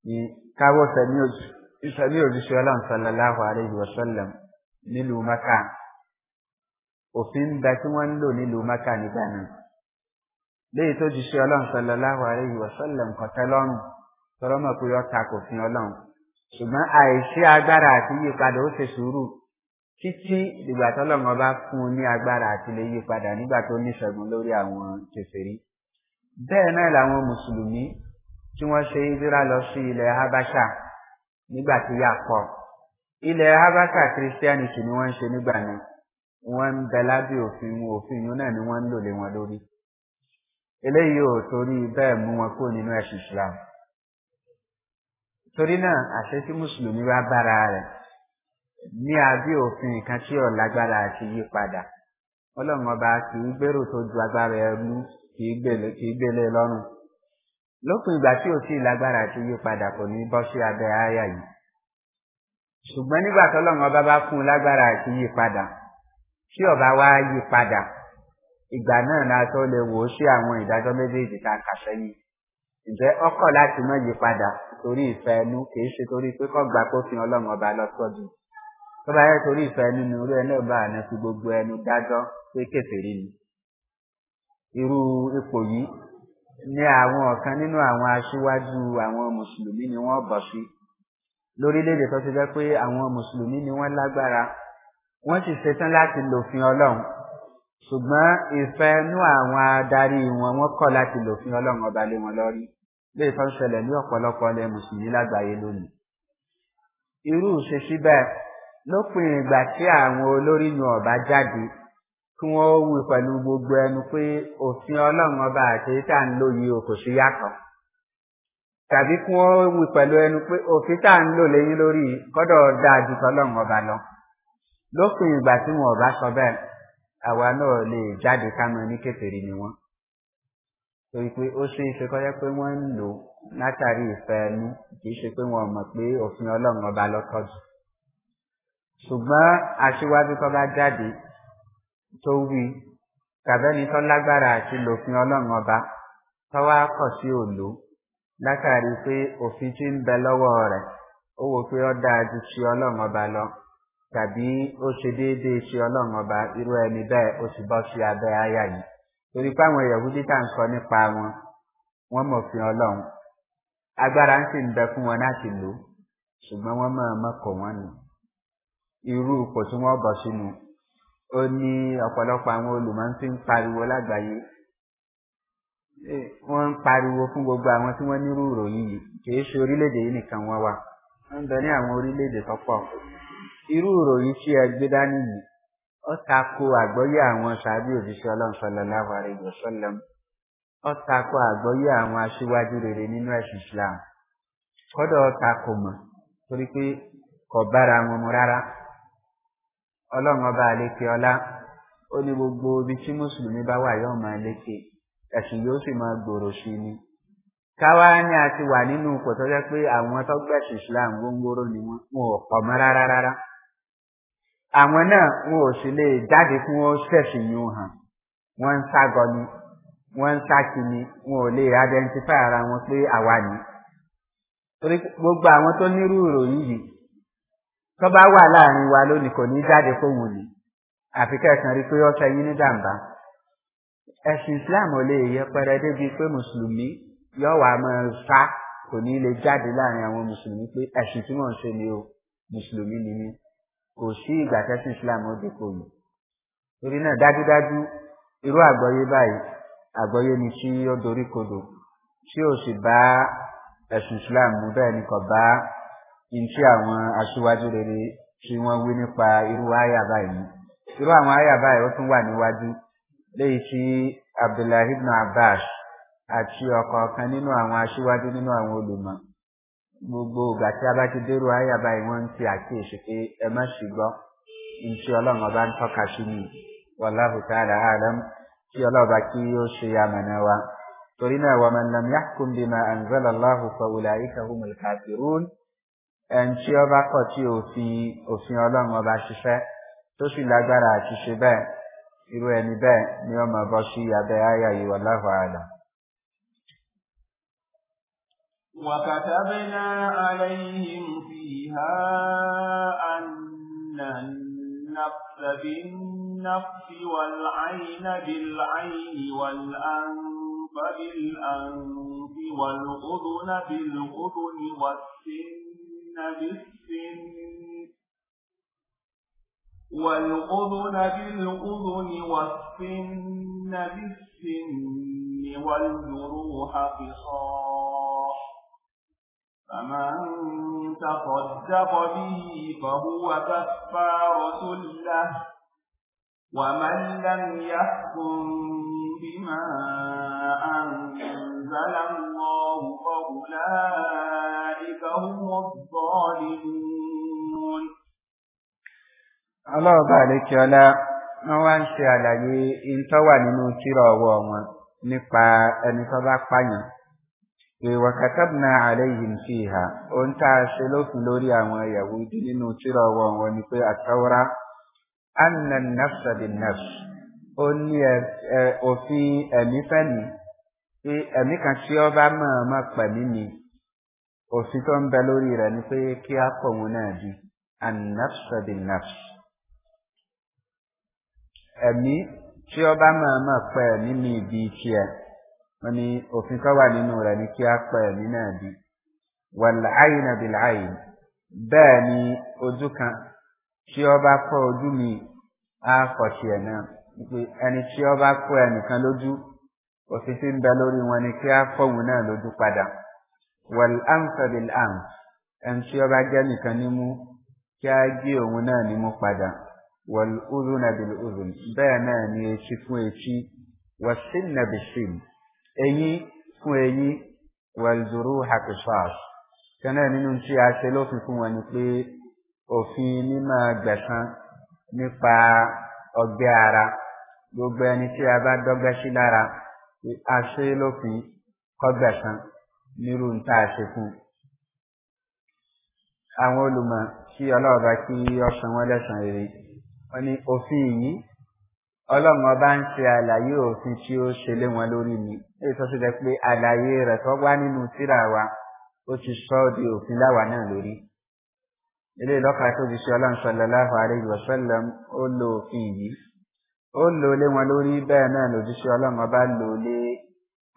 ní káwọ́ fẹ̀mí òjò ìṣẹ̀lẹ̀ òjíṣẹ́ ọlọ́run sọlọ́láhùn àlejò ọ̀ṣọ́lẹ̀ nílùú mẹ́ka òfin ń da tí wọ́n ń lò nílùú mẹ́ka nígbà náà léyìí tó jíṣẹ́ ọlọ́run sọlọ́láhùn àlejò ọ̀ṣọ́lẹ̀ kọ̀tẹ́ lọ́rùn tọrọmọ̀ pé ọ̀ta kò fi ọlọ́run ṣùgbọ́n àìṣe agbára àti yípadà ó ṣe sùúrù títí ìgbà tọ́lọ́run ọba fún un ní agbára àti lè yípadà nígbà tó níṣẹ́gun lórí àwọn kẹfẹ́rí bẹ́ẹ̀ náà làwọn mùsùlùmí tí wọ́n ṣe ìdíra lọ sí ilẹ̀ habasha nígbà tí yà pọ̀ ilẹ̀ habaka christianity ni wọ́n ń ṣe nígbà náà wọ́n ń bẹ lábẹ́ òfin wọn òfin yìí náà ni wọ́n ń lò lé wọn lórí eléyìí ò torí bẹ́ẹ̀ mú wọn kó nínú ẹ̀sìn islam torí náà àṣẹ tí mùsùlùmí bá bára rẹ̀ ní abẹ́ òfin kan tí ò lágbára àti yí padà ọlọ́run ọba kì í gbèrò tó ju agbára ẹrú kì í gbélé lọ́rùn lópin ìgbà tí ò sí lágbára àti yípadà kò ní bọ́ sí abẹ́ àyà yìí ṣùgbọ́n nígbà tọ́lọ́mọ bá bá fún un lágbára àti yípadà tí ọba wá yípadà ìgbà náà la tó lè wò ó sí àwọn ìdájọ́ méjèèjì tá a kà sẹ́yìn ǹjẹ́ ọkọ̀ láti mọ́ yípadà torí ìfẹ́ ẹnu kì í ṣe torí pé kọ́ gba kófin ọlọ́mọ ọba lọ́sọ́dún tó bá yẹ torí ìfẹ́ ẹnu ni irú ẹni ọba àná fi gbogbo ẹnu dájọ́ pé kẹfẹ́rí ni irú ipò yìí ní àwọn ọ̀kan nínú àwọn aṣíwájú àwọn mùsùlùmí ni wọ́n bọ̀ sí lórílẹ̀‐èdè tó ti jẹ́ pé àwọn mùsùlùmí ni wọ́n lágbára wọ́n sì ṣetán láti lòfin ọlọ́run ṣùgbọ́n ìfẹ́ inú àwọn adarí wọn wọ́n kọ̀ láti lòfin ọlọ́run ọba lé wọn lọ́rí léè tó ń ṣẹlẹ̀ ní ọ̀pọ̀lọpọ̀ ilẹ̀ mùsùlùmí lágbàáyé lónìí irú ìṣesí bẹ́ẹ̀ lópin ìgbà tí àwọn olórí yun ọ̀bá jáde kí wọ́n wù pẹ̀lú gbogbo ẹnu pé òfin ọlọ́run ọba àti tá à ń lò yìí kò sí yàtọ̀ tàbí kí wọ́n wù pẹ̀lú ẹnu pé òfin tá à ń lò léyìn lórí gbọ́dọ̀ dáa ju tọ́lọ́run ọba lọ lópin ìgbà tí wọn ọba sọ bẹ́ẹ̀ àwa náà lè jáde kánú ní kékeré ni wọ́n torí pé ó ṣe é ṣe kọ́jọ́ pé wọ́n ń lò látàrí ìfẹ́ ẹnu kì í ṣe pé wọn mọ̀ pé òfin ọlọ́run ọba lọ́tọ̀ jù ṣùgbọ́n aṣíwájú tó bá jáde tó wí tàbẹ́ni tó lágbára àti lòfin ọlọ́run ọba tọ́wá kọ̀ sí òlò látàrí pé òfin tí ń bẹ lọ́wọ́ rẹ̀ ó wò pé ó dáa ju ti ọlọ́run ọba lọ tàbí ó ṣe déédéé ti ọlọ́run ọba irú ẹni bẹ́ẹ̀ ó sì bọ́ sí abẹ́ àyà yìí torí pé àwọn èèyàn wúdí ń sọ nípa wọn wọ́n mọ̀fin ọlọ́run agbára ń sì ń bẹ fún wọn láti lò ṣùgbọ́n wọ́n máa mọ́kọ̀ wọn nù irú ipò tí wọ́n bọ̀ sínú ó ní ọ̀pọ̀lọpọ̀ àwọn olùmọ̀ọ́sí ń pariwo lágbàáyé wọ́n ń pariwo fún gbogbo àwọn tí wọ́n nírú ìròyìn yìí kìí ṣe orílẹ̀-èdè yìí nìkan wọ́n wà wọ́n ń bẹ ní àwọn orílẹ̀-èdè tọ́pọ̀ irú ìròyìn tí ẹ gbé dání yìí ó tako àgbọ́yé àwọn ṣáájú òjíṣẹ́ ọlọ́run sọlọ láwàárí ìgbọ̀sọ́lọ́m ó tako àgbọ́yé àwọn aṣíwájú rere nínú ẹ̀sìn islam kọ́dọ̀ ó tako mọ̀ torí pé kò bára wọn mu rárá ọlọ́run ọba àlékè ọlá ó ní gbogbo ibi tí mùsùlùmí bá wà yóò máa lékè ẹ̀sìn yóò sì máa gbòòrò sí ni káwá ni a ti wà nínú ipò tó jẹ́ pé àwọn tó gbẹ̀sìn islam góńgóró ni wọ́n wọn ò pọ̀ mọ́ rárá rárá àwọn náà wọn ò sì lè jáde fún wọn ṣẹ̀sìn yìí hàn wọ́n ń ságọ ni wọ́n ń sákìní wọn ò lè identify ara wọn pé àwa ni torí gbogbo àwọn tó nírú ìròyìn yìí tó bá wà láàrin wa lónìí kò ní jáde fóun ni àfi kẹ́kàn rí pé ọ̀sẹ̀ yín ní jàǹbá ẹ̀sìn islam ò lè yẹpẹrẹ débi pé mùsùlùmí yóò wá máa sá kò ní lè jáde láàrin àwọn mùsùlùmí pé ẹ̀sìn tí mò ń ṣe ni o mùsùlùmí ni mí kò sí ìgbà tẹ́sìn islam ó dínkù mi torí náà dájúdájú irú àgbọ́yé báyìí àgbọ́yé ni tí ó dorí kodò tí ò sì bá ẹ̀sìn islam bẹ́ẹ̀ ni kò bá ntí àwọn aṣíwájú rere tí wọ́n wí nípa irú àyà báyìí irú àwọn àyà báyìí ó tún wà níwájú léyìí tí abdullahi ibn abbas àti ọ̀kọ̀ọ̀kan nínú àwọn aṣíwájú nínú àwọn olùmọ̀ gbogbo ìgbà tí a bá ti dérò àyà báyìí wọ́n ń ti àkíyèsí pé ẹ má sì gbọ́ ntí ọlọ́run ọba ń tọ́ka sí mi wàláhù tààlà àlám tí ọlọ́ọ̀ba kí ó ṣe àmàna wa torí náà wàmàlàmíàkùnbìmà àǹzọ́lọ́láhù fọ̀wùlà ìkàhùmùlùkàfìrún ẹni tí ọba kọ̀ tí òfin òfin ọlọ́run ọba ṣiṣẹ́ tó sì lágbára àti ṣe bẹ́ẹ̀ irú ẹni bẹ́ẹ̀ ni ọmọ ọbọ sí abẹ́ àyà ìwọ̀ láhùn عليهم فيها أن النفس بالنفس والعين بالعين والأنف بالأنف والأذن بالأذن والسن والأذن بالأذن والسن بالسن والجروح قصاح فمن تصدق به فهو كفارة له ومن لم يحكم بما أنزل الله فأولئك هم الظالمون الله بارك لك wọ́n wá ń ṣe àlàyé ìntọ́ wà nínú tírà ọwọ́ wọn nípa ẹni tó bá pààyàn pé wàkàtàbùnà àlẹ́yìn fi hà ohun tá a ṣe lófin lórí àwọn yahudi nínú tírà ọwọ́ wọn ni pé àtàwọ́rá anna nafsa bin nafs ó ní òfin ẹ̀mí fẹ́ni pé ẹ̀mí kan tí ọ bá mọ̀ ọ́n mọ̀ pẹ̀mí ni òfin tó ń bẹ lórí rẹ̀ ni pé kí á pọ̀ wọn náà di annafsabinafs ẹ̀mí tí ọba máa máa pẹ́ ẹ̀mí mi bíi tiẹ̀ wọ́n ní òfin tó wà nínú rẹ̀ ni kí á pẹ́ ẹ̀mí náà di wàláàyìnàbìláàyìn bẹ́ẹ̀ ni ojú kan tí ọba kọ́ ojú mi á kọ̀ tiẹ̀ náà pé ẹni tí ọba kọ́ ẹnìkan lójú òfin tí ń bẹ lórí wọn ni kí á fọ́ òun náà lójú padà wal anfa bil anf ẹni tí ọba jẹ́ nìkan nímú kí á gé òun náà nímú padà wal udhuna bil udhun bẹ́ẹ̀ náà ni etí fún etí wal sinna bil sin eyín fún eyín wal juruha qisas kẹ́nà nínú tí a ṣe lófin fún wọn ni pé òfin mímọ gbẹ̀san nípa ọgbẹ́ ara gbogbo ẹni tí a bá dọ́gbẹ́ sí lára a ṣe lófin kọ́gbẹ̀san nírú ń tá a ṣe fún un. àwọn olùmọ̀ kí ọlọ́ọ̀bá kí ọ̀sán wọn lẹ́sàn rere wọn ni òfin yìí ọlọ́run ọba ń ṣe àlàyé òfin tí ó ṣe lé wọn lórí mi èyí tó ṣe jẹ pé àlàyé rẹ̀ tó wá nínú síra wa ó ti sọ ọ́ di òfin láwa náà lórí ilé ìlọ́ka tó fi ṣe ọlọ́run láhùn àlejò ọ̀sọ́lẹ̀m ó lo òfin yìí ó lo lé wọn lórí bẹ́ẹ̀ náà lòdì sí ọlọ́run ọba lò lé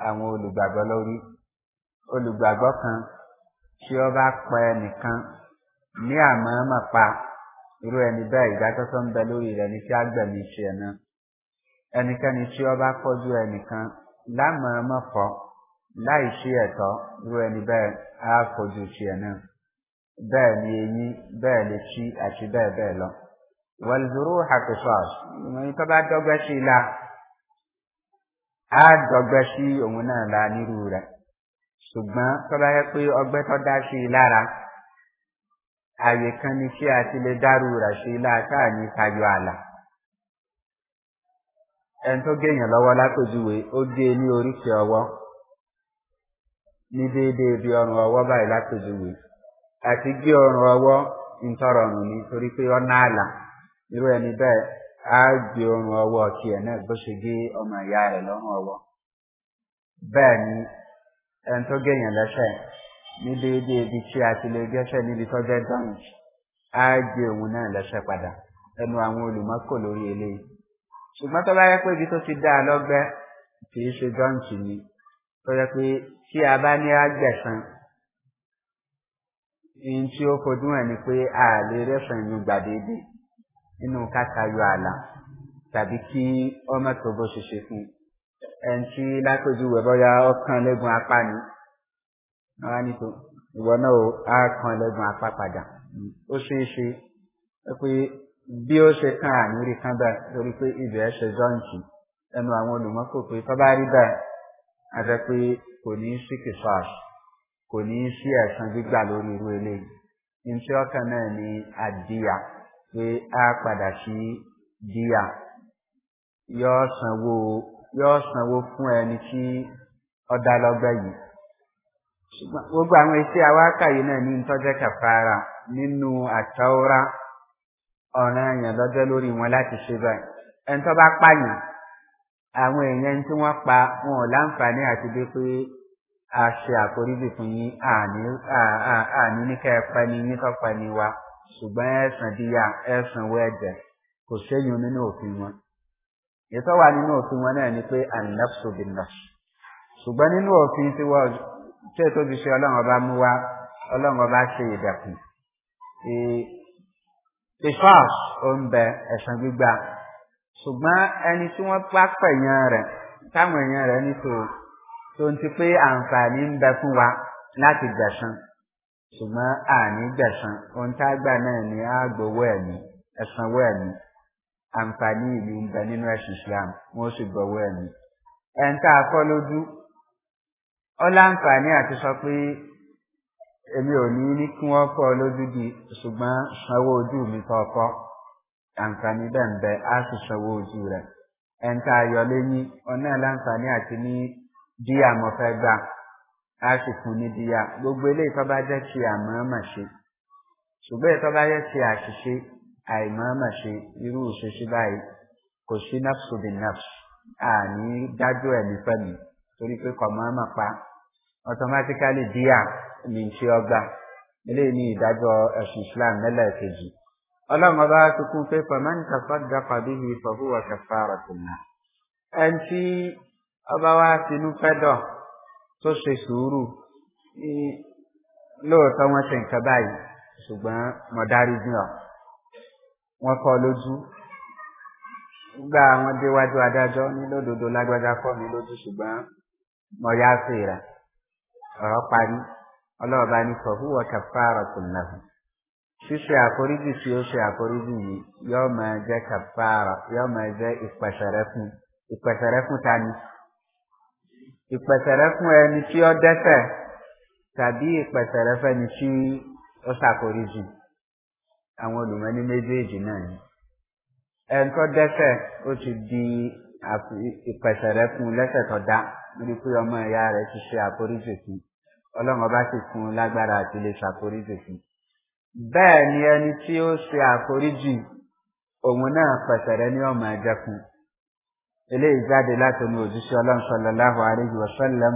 àwọn olùgbàgbọ́ lórí olùgbàgbọ́ kan tí ó bá pa ẹnìkan ní àmọ́ mà pa irú ẹni bẹ́ẹ̀ ìdájọ́ tó ń bẹ lórí rẹ̀ ní tí á gbẹ̀mí tiẹ̀ náà ẹnikẹ́ni tí ó bá kọjú ẹnìkan lámọ̀ mọ̀ fọ́ láì sí ẹ̀tọ́ irú ẹni bẹ́ẹ̀ á kọjú tiẹ̀ náà bẹ́ẹ̀ ni eyín bẹ́ẹ̀ lè ṣí àti bẹ́ẹ̀ bẹ́ẹ̀ lọ. wẹ̀lùdúró hàkùsọ̀s ìròyìn tó bá dọ́gbẹ́ sí i la á dọ́gbẹ́ sí òun náà la nírú rẹ̀. ṣùgbọ́n tó bá yẹ pé ọgbẹ́ tó dá sí i lára àyè kan ni ṣé a ti lè dárú rà sí i láàtà ní tayọ àlà ẹni tó géèyàn lọ́wọ́ lápèjúwe ó gé e ní oríṣi ọwọ́ ní déédéé bí ọrùn ọwọ́ báyìí lápèjúwe àti gé ọrùn ọwọ́ ntọ́rọ̀rùn ni torí pé ọ̀nà àlà irú ẹni bẹ́ẹ̀ á gbé ọrùn ọwọ́ náà bó ṣe gé ọmọ ìyá rẹ̀ lọ́rùn ọwọ́ ẹni tó gẹ̀yàn lẹ́sẹ̀ ní déédéé ibi tí a ti lè gẹ́sẹ̀ níbi tó jẹ́ damage á gbé òun náà lẹ́sẹ̀ padà ẹnu àwọn olùmọ́kò lórí eléyìí ṣùgbọ́n tó bá yẹ pé ibi tó ti dá a lọ́gbẹ́ kì í ṣe dọ́ǹtì ni tó yẹ pé tí a bá ní àgbẹ̀sán ni pé a lè rẹ́sàn gbàdéédé nínú àlà tàbí kí ọmọ tó bó ṣe ẹ̀ǹtí lápèjúwe bọ́yá ọkàn lẹ́gùn apá ni wọ́n á ní tó ìwọ náà á kan lẹ́gùn apá padà ó ṣeé ṣe pé bí ó ṣe kan àníri kan bẹ́ẹ̀ torí pé ibẹ̀ ẹ̀ ṣe jọ́ǹtì ẹnu àwọn olùmọ́kò pé tọ́ba rí a jẹ́ pé kò ní í sí kìsọ́ọ̀s kò ní í sí ẹ̀sán gbígbà lórí irú eléyìí ní tí ọkàn náà ní àdíyà pé á padà sí díyà yọ sanwó yóò sanwó fún ẹni tí ọ̀dà lọ́gbẹ́ yìí ṣùgbọ́n gbogbo àwọn iṣẹ́ awákàyè náà ní tọ́jẹ́ kàfàrà nínú àtàwọ́rá ọ̀ràn èèyàn lọ́jọ́ lórí wọn láti ṣe báyìí ẹni tó bá pààyàn àwọn èèyàn tí wọ́n pa wọn ò láǹfààní àti dé pé a ṣe àforíjì fún yín àní ní ká ni yín tó ni wa ṣùgbọ́n ẹ̀sán díyà ẹ̀sán owó ẹ̀jẹ̀ kò séyìn nínú òfin wọn ìtọ́ wà nínú òfin wọn náà ni pé ànàfsù bí nàfsù ṣùgbọ́n nínú òfin tí wọ́n tẹ́ tó fi ṣe ọlọ́run ọba mú wa ọlọ́run ọba ṣe ìdẹ̀kùn ìfọ́ọ̀s ó ń bẹ ẹ̀sán gbígbà ṣùgbọ́n ẹni tí wọ́n bá pẹ̀yàn rẹ̀ táwọn èèyàn rẹ̀ ní tó tó ń ti pé àǹfààní ń bẹ fún wa láti gbẹ̀sán ṣùgbọ́n àní gbẹ̀sán ohun tá a gbà náà ni àgbowó ẹ̀mí ẹ̀sánwó ẹ̀mí àǹfààní ìlú ń bẹ nínú ẹ̀sìn islam wọ́n sì gbọ́wọ́ ẹ̀mí ẹn tá a kọ́ lójú ó láǹfààní àti sọ pé èmi ò ní ní kí wọ́n kọ́ lójú di ṣùgbọ́n sanwó ojú mi kọ́kọ́ àǹfààní bẹ́ẹ̀ ń bẹ á sì sanwó ojú rẹ̀ ẹn tá a ọ̀nà láǹfààní àti ní díà mo fẹ́ gbà á sì fún ní díà gbogbo eléyìí tó bá jẹ́ ti àmọ́ mà ṣùgbọ́n èyí bá jẹ́ ti àṣìṣe àìmọ́ọ́mọ̀ ṣe irú ìṣeṣe báyìí kò sí nafsu bin nafs àní dájú ẹ̀mí pẹ̀lú torí pé kọ̀mọ́ọ́mọ̀ pa automatically díà ní ṣe ọgbà eléyìí ní ìdájọ́ ẹ̀sùn islam lẹ́lẹ́kejì ọlọ́run ọba ti kún pé pẹ̀mẹ́ni kàfà dápà bí i fọ̀húwà kàfà rẹ̀ tó nà ẹni tí ọba wa tinú fẹ́dọ̀ tó ṣe sùúrù lóòótọ́ wọn ṣe nǹkan báyìí ṣùgbọ́n mọ̀dárí jùlọ. wọ́n kọ́ lójú gbà àwọn déwájú adájọ́ ní lódodo lágbájá kọ́ mi lójú ṣùgbọ́n mo yá sí rẹ̀ ọ̀rọ̀ parí ọlọ́ọ̀bá ní fọ̀húwọ̀ kàfàrà kò nàfún ṣíṣe àforíjì tí ó ṣe àforíjì yìí yóò máa jẹ́ kàfàrà máa jẹ́ ta ni ẹni tí ó dẹ́sẹ̀ tàbí tí àwọn olùmọ́ni méjèèjì náà ni ẹ̀ńtọ́ dẹ́sẹ̀ ó ti di ìpẹ̀sẹ̀ rẹ fún un lẹ́sẹ̀ tó dá lórí pé ọmọ ìyá rẹ ti ṣe àforíjì sí ọlọ́run ọba sì fún un lágbára àti lè ṣàforíjì sí bẹ́ẹ̀ ni ẹni tí ó ṣe àforíjì òun náà pẹ̀sẹ̀ rẹ ní ọmọ ẹ̀jẹ̀kùn eléyìí jáde látọ̀nù òjíṣẹ́ ọlọ́run sọlọ́láhùn àríyí wọ́sọ́lẹ́m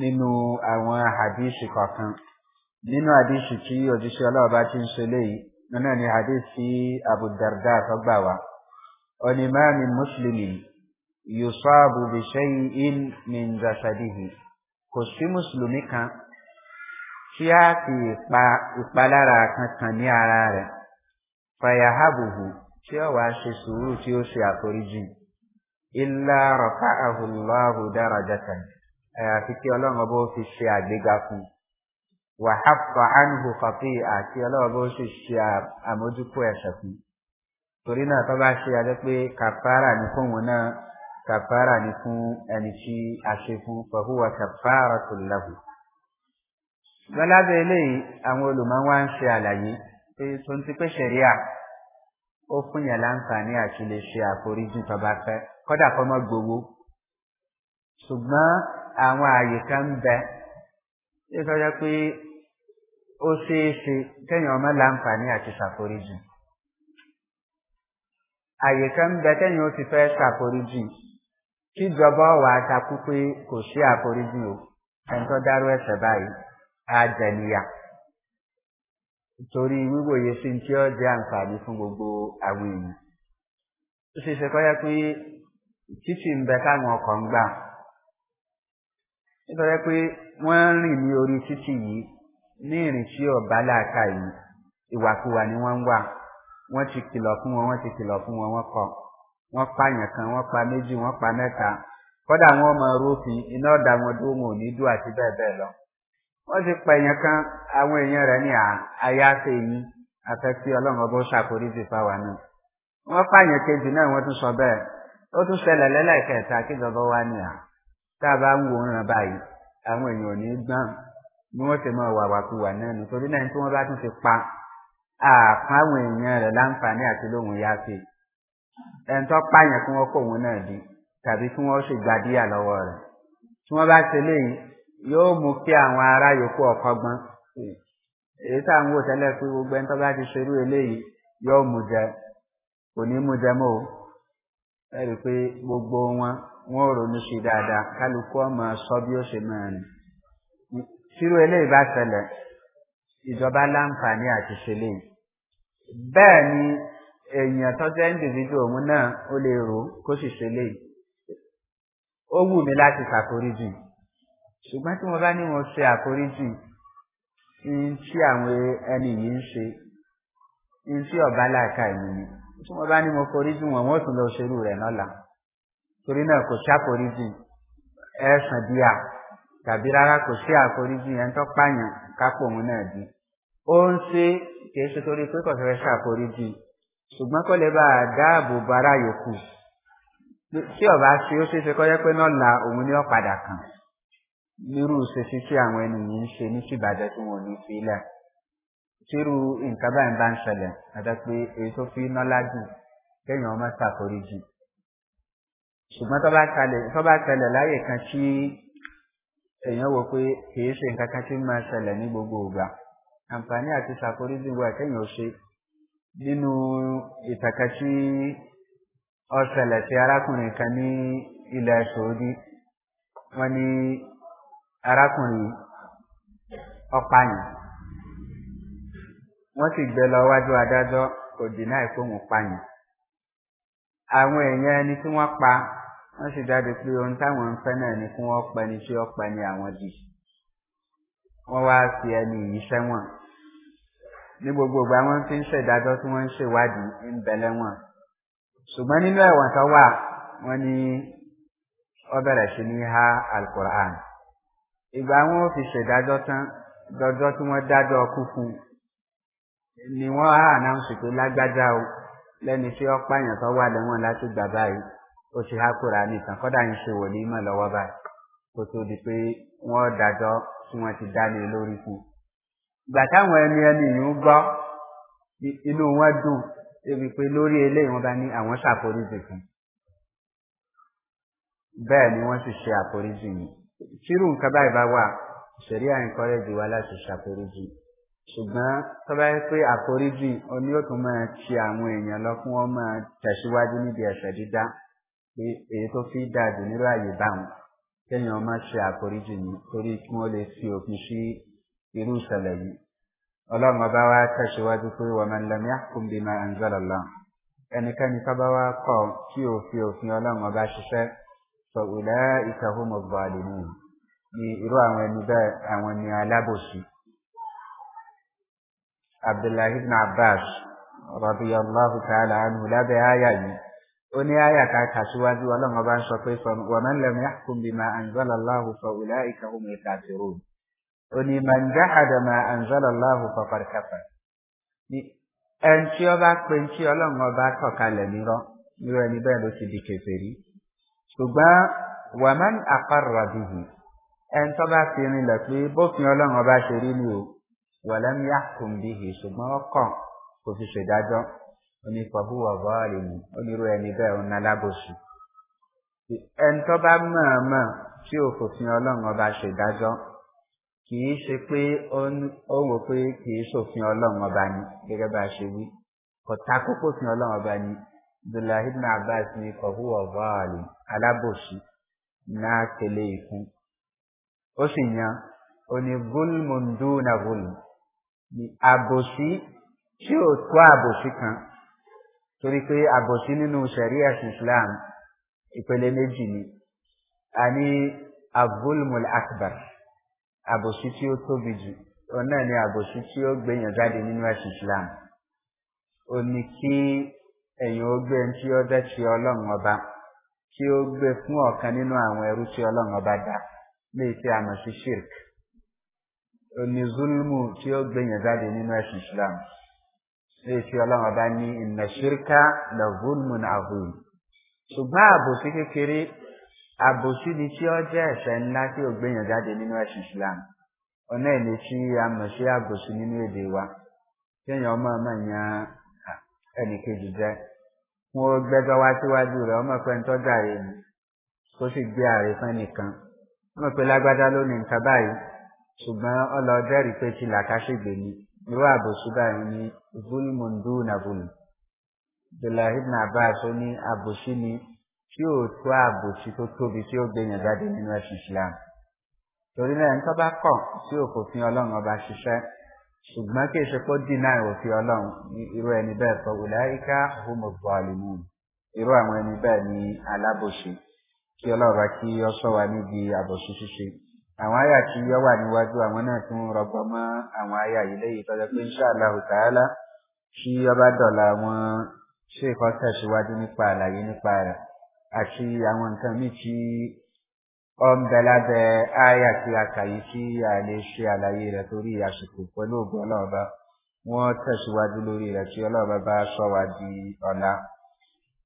nínú àwọn àdìsí kọ̀ọ̀kan nínú àdìsí tí òjíṣẹ́ ọlọ́run bá ti ń ṣe léyìí nínú ni hadith sí abu darda sọgbà wa ọni máa mi mùsùlùmí yusufu bishayin min jasadihi kò sí mùsùlùmí kan tí a ti pa ìpalára kankan ní ara rẹ̀ fayahabuhu tí ó wàá ṣe sùúrù tí ó ṣe àforíjì ilá rọ̀ká ahùlọ́hù dára jẹ́tàn àyàfi kí ọlọ́run ọba ó fi ṣe àgbéga fún un wàhápà ánìhù kọ̀pì àti ọlọ́ọ̀bọ ṣe ṣe àmójúkú ẹ̀ṣẹ̀ fún torí náà tó bá ṣe adé pé kàfàrà ní fún òun náà kàfàrà ní fún ẹni tí a ṣe fún fọ̀húwà kàfàrà tó lẹ́hù. lọ́lábẹ́ eléyìí àwọn olùmọ̀wá ń ṣe àlàyé pé tó ń ti pé ṣẹ̀ríà ó fún yẹn láǹfààní àti lè ṣe àforíjì tó bá fẹ́ kọ́dà kọ́ gbowó ṣùgbọ́n àwọn àyè kan ń ṣé sọ́jà pé ó ṣeé ṣe kẹ́yìn ọmọ láǹfààní àti ṣàforíjì àyè kan bẹ kẹ́yìn ó ti fẹ́ ṣàforíjì kíjọba ọ̀wà àtakú pé kò sí àforíjì o ẹni tó dárú ẹsẹ̀ báyìí á jẹniyà torí wíwòye sí ti ọ́ jẹ́ àǹfààní fún gbogbo àwọn èèyàn ó ṣe ṣe kọ́yá pé títì ń bẹ káwọn ọkọ̀ ń gbà nítorí pé wọ́n rìn ní orí títì yìí ní ìrìn tí ọ̀bá láàka yìí ìwàkuwà ni wọ́n ń wà wọ́n ti kìlọ̀ fún wọn wọ́n ti kìlọ̀ fún wọn wọ́n kọ̀ wọ́n pààyàn kan wọ́n pa méjì wọ́n pa mẹ́ta kọ́dà wọn mọ rófin iná ọ̀dà wọn tó wọn ò ní dùn àti bẹ́ẹ̀ bẹ́ẹ̀ lọ. wọ́n ti pa èèyàn kan àwọn èèyàn rẹ̀ ní àyáfẹ́ yìí afẹ́fí ọlọ́run ọba ó ṣàkóríjì fáwa náà. wọ́n pààyàn kejì náà wọ́n tún sọ bẹ́ẹ̀ ó tún ṣẹlẹ̀ lẹ́lẹ́kẹ̀ẹ́ta kí gbogbo ní à tá a bá ń wòran báyìí àwọn èèyàn ò ní gbọ́n ni wọ́n ti máa wà wàkuwà náà nítorí náà tí wọ́n bá tún ti pa àpá àwọn èèyàn rẹ̀ láǹfààní àti lóhùn yá sí ẹni tó pààyàn kí wọ́n kó òun náà di tàbí kí wọ́n ṣègbàdíyà lọ́wọ́ rẹ̀ tí wọ́n bá ṣe léyìí yóò mú kí àwọn ará yòókù ọ̀kọ́gbọ́n èyí tá à ń wò tẹ́lẹ̀ pé gbogbo ẹni tó bá ti ṣerú eléyìí yóò mú jẹ kò ní mú jẹ mọ́ o ẹ rí i pé gbogbo wọn wọn ronú sí dáadáa kálukú ọmọ sọ bí ó ṣe máa rìn tírú eléyìí bá ṣẹlẹ ìjọba láǹfààní àti ṣẹlẹ bẹẹ ni èèyàn tó jẹ individual òun náà ó lè rò kó sì ṣẹlẹ ó wù mí láti ṣàforíjì ṣùgbọn tí mo bá ní mo ṣe àforíjì ń tí àwọn ẹni yìí ń ṣe ń tí ọba làákà yìí ni tí wọ́n bá ní mo forí jù wọ́n wọ́n tún lọ ṣerú rẹ̀ lọ́la torí náà kò sí àforíjì ẹ̀sán díà tàbí rárá kò sí àforíjì ẹ̀ ń tọ́ pààyàn kápò òun náà di ó ń ṣe kìí ṣe torí pé kọ̀fẹ́ ṣàforíjì ṣùgbọ́n kọ́ lè bá a dáàbò bara yòókù tí ọba ṣe ó ṣeé ṣe kọ́ yẹ pé náà òun ní ọ̀padà kan nírú ṣe sí àwọn ẹni ń ṣe ní ṣìbàdàn tí wọn ò ní fi lẹ̀ tírú nǹkan báyìí bá ń ṣẹlẹ̀ àti pé èyí tó fi nọ́lá jù kéèyàn ọmọ ṣàforíjì ṣùgbọ́n tó bá ṣẹlẹ̀ láyè kan tí èèyàn wò pé kìí ṣe nǹkan kan tí máa ṣẹlẹ̀ ní gbogbo ìgbà àǹfààní àti ṣàforíjì wà kéèyàn ò ṣe nínú ìtàkà tí ọ ṣẹlẹ̀ arákùnrin kan ní ilẹ̀ sòódì wọ́n ní arákùnrin ọ̀pààyàn wọ́n sì gbé lọ wájú adájọ́ kò dínà ìkóhùn pààyàn. àwọn èèyàn ẹni tí wọ́n pa wọ́n sì jáde pé ohun táwọn ń fẹ́ náà ni kí wọ́n ni tí ó pẹ́ ni àwọn dì. wọ́n wá fi ẹni yìí sẹ́wọ̀n. ní gbogbo ìgbà wọn ti ń ṣèdájọ́ tí wọ́n ń ṣèwádìí ń bẹ̀lẹ̀ wọn. ṣùgbọ́n nínú ẹ̀wọ̀n tó wà wọ́n ní ó bẹ̀rẹ̀ sí ní ha alukur'an. ìgbà wọn fi ṣèdájọ́ tán dọjọ́ tí wọ́n dájọ́ kú ni wọ́n á ànáǹsì tó lágbájá o lẹ́ni tí ó pààyàn tó wà lẹ́wọ̀n láti gbà báyìí ó ti há kúra nìkan kọ́dà ń ṣe wò ní mọ̀ lọ́wọ́ báyìí kó tó di pé wọ́n dájọ́ tí wọ́n ti dá lé lórí kù. ìgbà táwọn ẹni ẹni yìí ń gbọ́ inú wọn dùn débi pé lórí eléyìí wọn bá ní àwọn ṣàforíjì fún bẹ́ẹ̀ ni wọ́n sì ṣe àforíjì yìí tírù nǹkan báyìí bá wà ìṣẹ̀rí à wa láti ṣàforíjì yìí ṣùgbọ́n tó bá yẹ pé àforíjì oní yóò tún máa ṣe àwọn èèyàn lọ kí wọ́n máa tẹ̀síwájú níbi ẹ̀ṣẹ̀ dídá pé èyí tó fi dáa jù nílò àyè báwọn kéèyàn má ṣe àforíjì ní torí kí wọ́n lè fi òpin sí irú ìṣẹ̀lẹ̀ yìí ọlọ́run ọba wa tẹ̀síwájú pé wọ́n máa ń lọ ní àkùnbí máa ń zọ̀rọ̀ lọ ẹnikẹ́ni tó bá wá kọ̀ kí òfin òfin ọlọ́run ọba ṣiṣẹ́ sọ ìlẹ́ ìkàhùn mọ̀gbọ́ àlè abdullahi ibn abbas radiyallahu ta'ala anhu lábẹ́ àyà yìí ó ní àyà ká kàṣíwájú ọlọ́run ọba ń sọ pé waman lam yahkum bima anzalallahu fa ulaika humul kafirun ó ní man jahada ma anzalallahu faqad kafara ẹni tí ọba pé tí ọlọ́run ọba tọ̀kalẹ̀ nírọ́ nírọ́ ẹni bẹ́ẹ̀ ló ti di kèfèrí ṣùgbọ́n waman aqarra bihi ẹni tó bá fi rinlẹ̀ pé bófin ọlọ́run ọba ṣe rí ni o wàlẹ́m yàkùn bíhì ṣùgbọ́n ọkàn kò fi ṣèdájọ́ onífọ̀bùwà bọ́ọ̀lì ni onírú ẹni bẹ́ẹ̀ ń alábòsù. ẹni tó bá mọ̀ọ́mọ̀ tí ò fòfin ọlọ́run ọba ṣèdájọ́ kì í ṣe pé ó wò pé kì í ṣòfin ọlọ́run ọba ni gẹ́gẹ́ bá a ṣe wí kọ̀tà kókó fin ọlọ́run ọba ni abdullahi abbas ni kọ̀húwà bọ́ọ̀lì alábòsù náà tẹ̀lé ìfún ó sì yan oní gúlmùndúnà àbòsí tí ò tó àbòsí kan torí pé àbòsí nínú sẹ̀rí ẹ̀sìn islam ìpele méjì ni a ní abulmul akbar àbòsí tí ó tóbi jù òun náà ni àbòsí tí ó gbẹ̀yàn jáde nínú ẹ̀sìn islam ó ní kí ẹ̀yìn ó gbé tí ó dẹ́ ti ọlọ́run ọba tí ó gbé fún ọ̀kan nínú àwọn ẹrú tí ọlọ́run ọba dá léyìí tí a mọ̀ sí shirk ni zulmu tí ó gbẹ̀yìn jáde nínú ẹ̀sìn islam ṣe fi ọlọ́run ọba ní ìnà ṣírká la zulmun azim ṣùgbọ́n àbòsí kékeré àbòsí ni tí ó jẹ́ ẹ̀ṣẹ̀ ńlá tí jáde nínú islam ọ̀nà ìní tí a mọ̀ sí àbòsí nínú èdè wa kéèyàn ọmọ ọmọ wọn gbẹjọ wá síwájú rẹ ọmọ pé ń tọ́jà rẹ ni kó sì gbé ààrẹ fún ṣùgbọ́n ọlọ́jọ́ rí pé ti làkàṣègbè ni irú àbòsúdà yìí ni zulimundu nabulu abdullahi ibn abbas ó ní àbòsí ni tí ò tó àbòsí tó tóbi tí ó gbẹ̀yàn jáde nínú ẹ̀sìn islam torí náà nítorí bá kọ̀ tí ò kò fi ọlọ́run ọba ṣiṣẹ́ ṣùgbọ́n kí èso kó dínà òfin ọlọ́run irú ẹni bẹ́ẹ̀ sọ wùláyíká homobo alimu irú àwọn ẹni bẹ́ẹ̀ ni alábòsí kí ọlọ́run bá kí ọ sọ wa níbi àbòsí ṣíṣe àwọn àyà tí yọ wà níwájú àwọn náà tí wọ́n rọgbọ mọ́ àwọn àyà yìí lẹ́yìn tọ́jọ́ pé inshallah ta'ala tí ọba dọ̀la wọn ṣe kọ́ tẹ̀síwájú nípa àlàyé nípa rẹ̀ àti àwọn nǹkan míì tí ọ ń bẹ lábẹ́ àyà tí a kà yìí tí a lè ṣe àlàyé rẹ̀ torí àsìkò pẹ̀lú ògùn ọlọ́ọ̀bá wọ́n tẹ̀síwájú lórí rẹ̀ tí ọlọ́ọ̀bá bá sọ wá di ọ̀la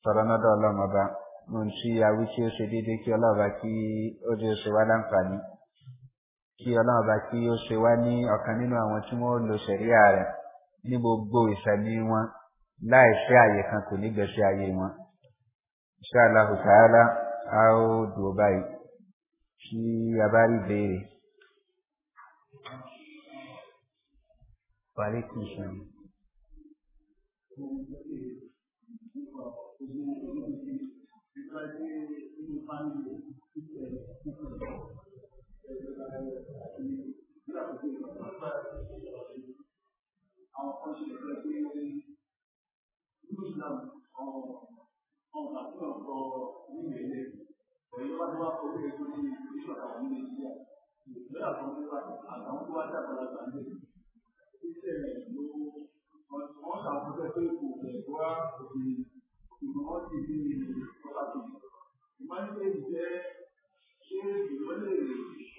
tọ̀rọ̀ nọ́dọ̀ ọlọ́mọba ohun kí ọlọ́run bá kí ó ṣe wá ní ọ̀kan nínú àwọn tí wọ́n lo ṣẹ̀ríà rẹ̀ ní gbogbo ìṣẹ̀mí wọn láì ṣe àyè kan kò ní gbẹ̀ṣẹ̀ ayé wọn. iṣẹ́ aláhùtàálá a ó dùn báyìí kí a bá rí ìbéèrè. Thank you. Ìmọ̀lẹ́ ìjẹ́ ṣé ìmọ̀lẹ́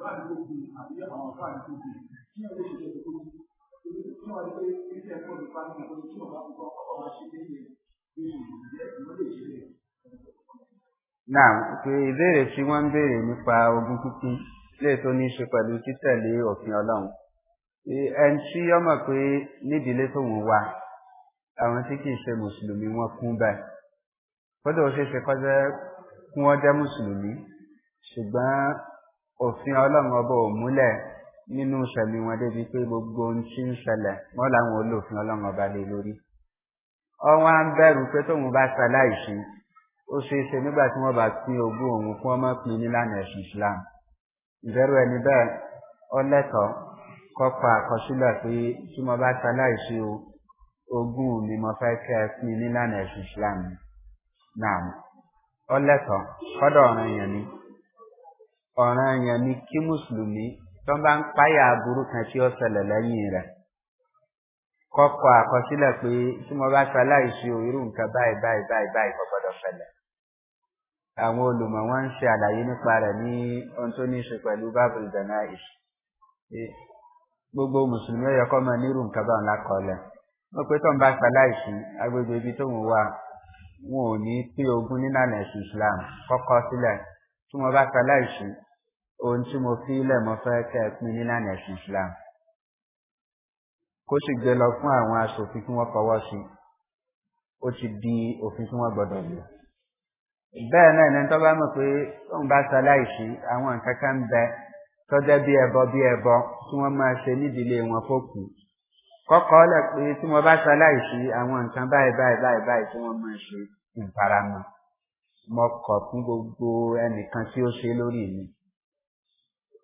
ìwádìí tó kù àbí àwọn ọ̀gá àti tó kù kí ẹ lè tó kù. Èmi tó wà ní ilé ẹ̀kọ́ ní pàṣẹ àti tí ọ̀gá àkọ́kọ́ ọ̀gá máa ṣe lé yẹn bí ìjẹ́ ìwọ́n lè ṣe lẹ̀. Náà pé ìbéèrè tí wọ́n ń béèrè nípa ogún pínpín lè tó ní í ṣe pẹ̀lú títẹ̀lé òfin Ọlọ́run. Ẹni tí ó mọ̀ pé nídìílé tóun wà, àwọn tí kìí ṣe Mùsùlùmí wọ́n kún báyìí. Kódà ó ṣeé ṣe kọ́jẹ́ kún ọjẹ́ Mùsùlùmí, ṣùgbọ́n òfin ọlọ́run ọba ò múlẹ̀ nínú ìṣẹ̀lú wọn débi pé gbogbo ohun tí ń ṣẹlẹ̀ wọ́n láwọn olófin ọlọ́run ọba lé lórí. ọwọ́n á ń bẹ̀rù pé tóun bá ṣaláìsí ó ṣeé ṣe nígbà tí wọ́n bá pín ogún òun kí wọ́n má pín nílànà ẹ̀sìn islam. ìbẹ̀rù ẹni bẹ́ẹ̀ ọlẹ́kọ̀ọ́ kọ́pa àkọsílẹ̀ pé tí mo bá ṣaláìsí o ogún mi mo fẹ́ kẹ́ ẹ pín nílànà ẹ̀sìn islam. náà ọlẹ́kọ̀ọ́ kọ́dọ̀ ọ̀ràn èèyàn ni ọ̀ràn yẹn ni kí mùsùlùmí tó bá ń páyà aburú kan tí ó ṣẹlẹ̀ lẹ́yìn rẹ̀ kọ́kọ́ àkọsílẹ̀ pé tí mo bá ṣaláìsí o irú nǹkan báyìí báyìí báyìí báyìí kò gbọ́dọ̀ ṣẹlẹ̀ àwọn olùmọ̀ wọn ń ṣe àlàyé nípa rẹ̀ ní ohun tó ní í ṣe pẹ̀lú bible denies gbogbo mùsùlùmí ọ̀yọ́ kọ́ mọ nírú nǹkan báwọn lákọọ́lẹ̀ wọ́n pé tó ń bá ṣaláìsí agbègbè ibi tó ń wà wọn ò ní pé ogún nínàlẹ̀ sí islam kọ́kọ́ sílẹ̀ tí wọ́n bá ṣaláìsí ohun tí mo fi ilẹ̀ mo fẹ́ kẹ́ ẹ pin nílànà ẹ̀sìn islam kó sì gbé lọ fún àwọn asòfin tí wọ́n fọwọ́ sí ó ti di òfin tí wọ́n gbọ́dọ̀ lò bẹ́ẹ̀ náà ní tó bá mọ̀ pé òun bá ṣaláìsí àwọn nǹkan kan bẹ tọ́jẹ́ bí ẹbọ bí ẹbọ tí wọ́n máa ṣe nídìílé wọn fókù kọ́kọ́ lẹ̀ pé tí wọ́n bá ṣaláìsí àwọn nǹkan báyìí báyìí báyìí báyìí tí wọ́n máa ṣe ìfaramọ́ mo fún gbogbo ẹnìkan tí ó ṣe lórí mi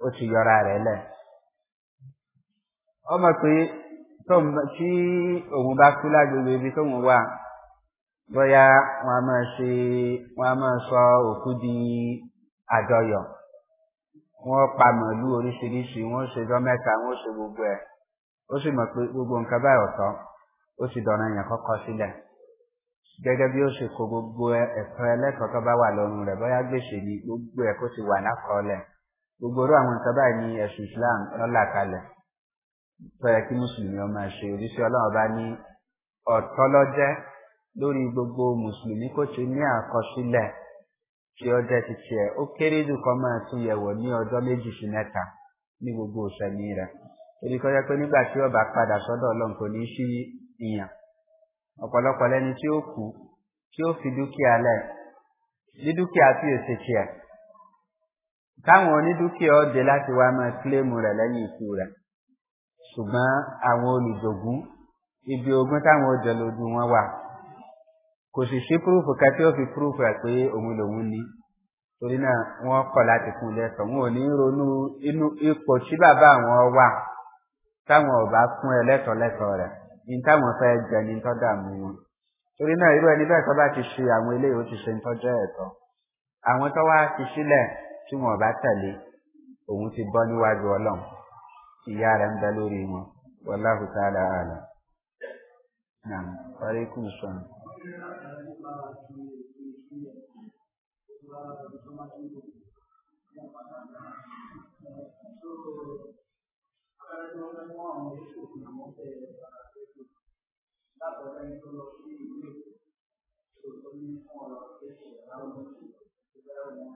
ó ti yọra rẹ̀ lẹ̀. ọmọ pé tí òun bá kú lágbègbè ibi tó ń wà bóyá wọn a máa ṣe wọn a máa sọ òkú di àjọyọ̀ wọn pa màálù oríṣiríṣi wọn ṣe jọ mẹ́ta wọn ṣe gbogbo ẹ̀ ó sì mọ̀ pé gbogbo nǹkan báyìí ọ̀tọ́ ó sì dọ̀nà yẹn kọ́kọ́ sílẹ̀ gẹ́gẹ́ bí ó ṣe kó gbogbo ẹ̀tọ́ ẹlẹ́kọ̀ọ́ tó bá wà lọ́rùn rẹ̀ bóyá gbèsè ni gbogbo ẹ̀ ti wà lákọọ́lẹ̀. gbogbo orú àwọn nǹkan báyìí ní ẹ̀sùn islam lọ́là kalẹ̀ tọ́yẹ kí mùsùlùmí ọmọ ṣe oríṣi ọlọ́run bá ní ọ̀tọ́ lọ́jẹ́ lórí gbogbo mùsùlùmí ti ní àkọsílẹ̀ tí ó jẹ́ ẹ̀ ó kéré jù kọ́ máa tún yẹ̀wò ní ọjọ́ méjì sí mẹ́ta ní gbogbo òṣèlú rẹ̀ torí kọjá pé nígbà tí ọba padà sọ́dọ̀ ọlọ́run kò ní sí ìyàn ọ̀pọ̀lọpọ̀ lẹ́ni tí ó kú tí ó fi dúkìá táwọn onídúkìá ọdẹ láti wá máa kílèmù rẹ̀ lẹ́yìn ikú rẹ̀ ṣùgbọ́n àwọn olùdògún ibi ogun táwọn ọjọ́ lójú wọn wà kò sì sí púrúfù kan tí ó fi púrúfù rẹ̀ pé òun lòun ní torí náà wọ́n kọ̀ láti fún lẹ́sọ̀ wọn ò ní ronú inú ipò tí bàbá àwọn wà táwọn ọba fún ẹ lẹ́tọ̀ lẹ́tọ̀ rẹ̀ ní táwọn fẹ́ jẹ ní tọ́jà mú wọn torí náà irú ẹni bẹ́ẹ̀ tó bá ti ṣe àwọn eléyìí ó ti ṣe ń tọ́jọ́ ẹ̀tọ́ àwọn tó wá ti sílẹ̀ tí wọn bá tẹ̀lé òun ti bọ́ níwájú ọlọ́run ìyá rẹ̀ ń bẹ lórí wọn wọláhù tààlà àlà náà wàlékùn sọ̀rọ̀. Thank you.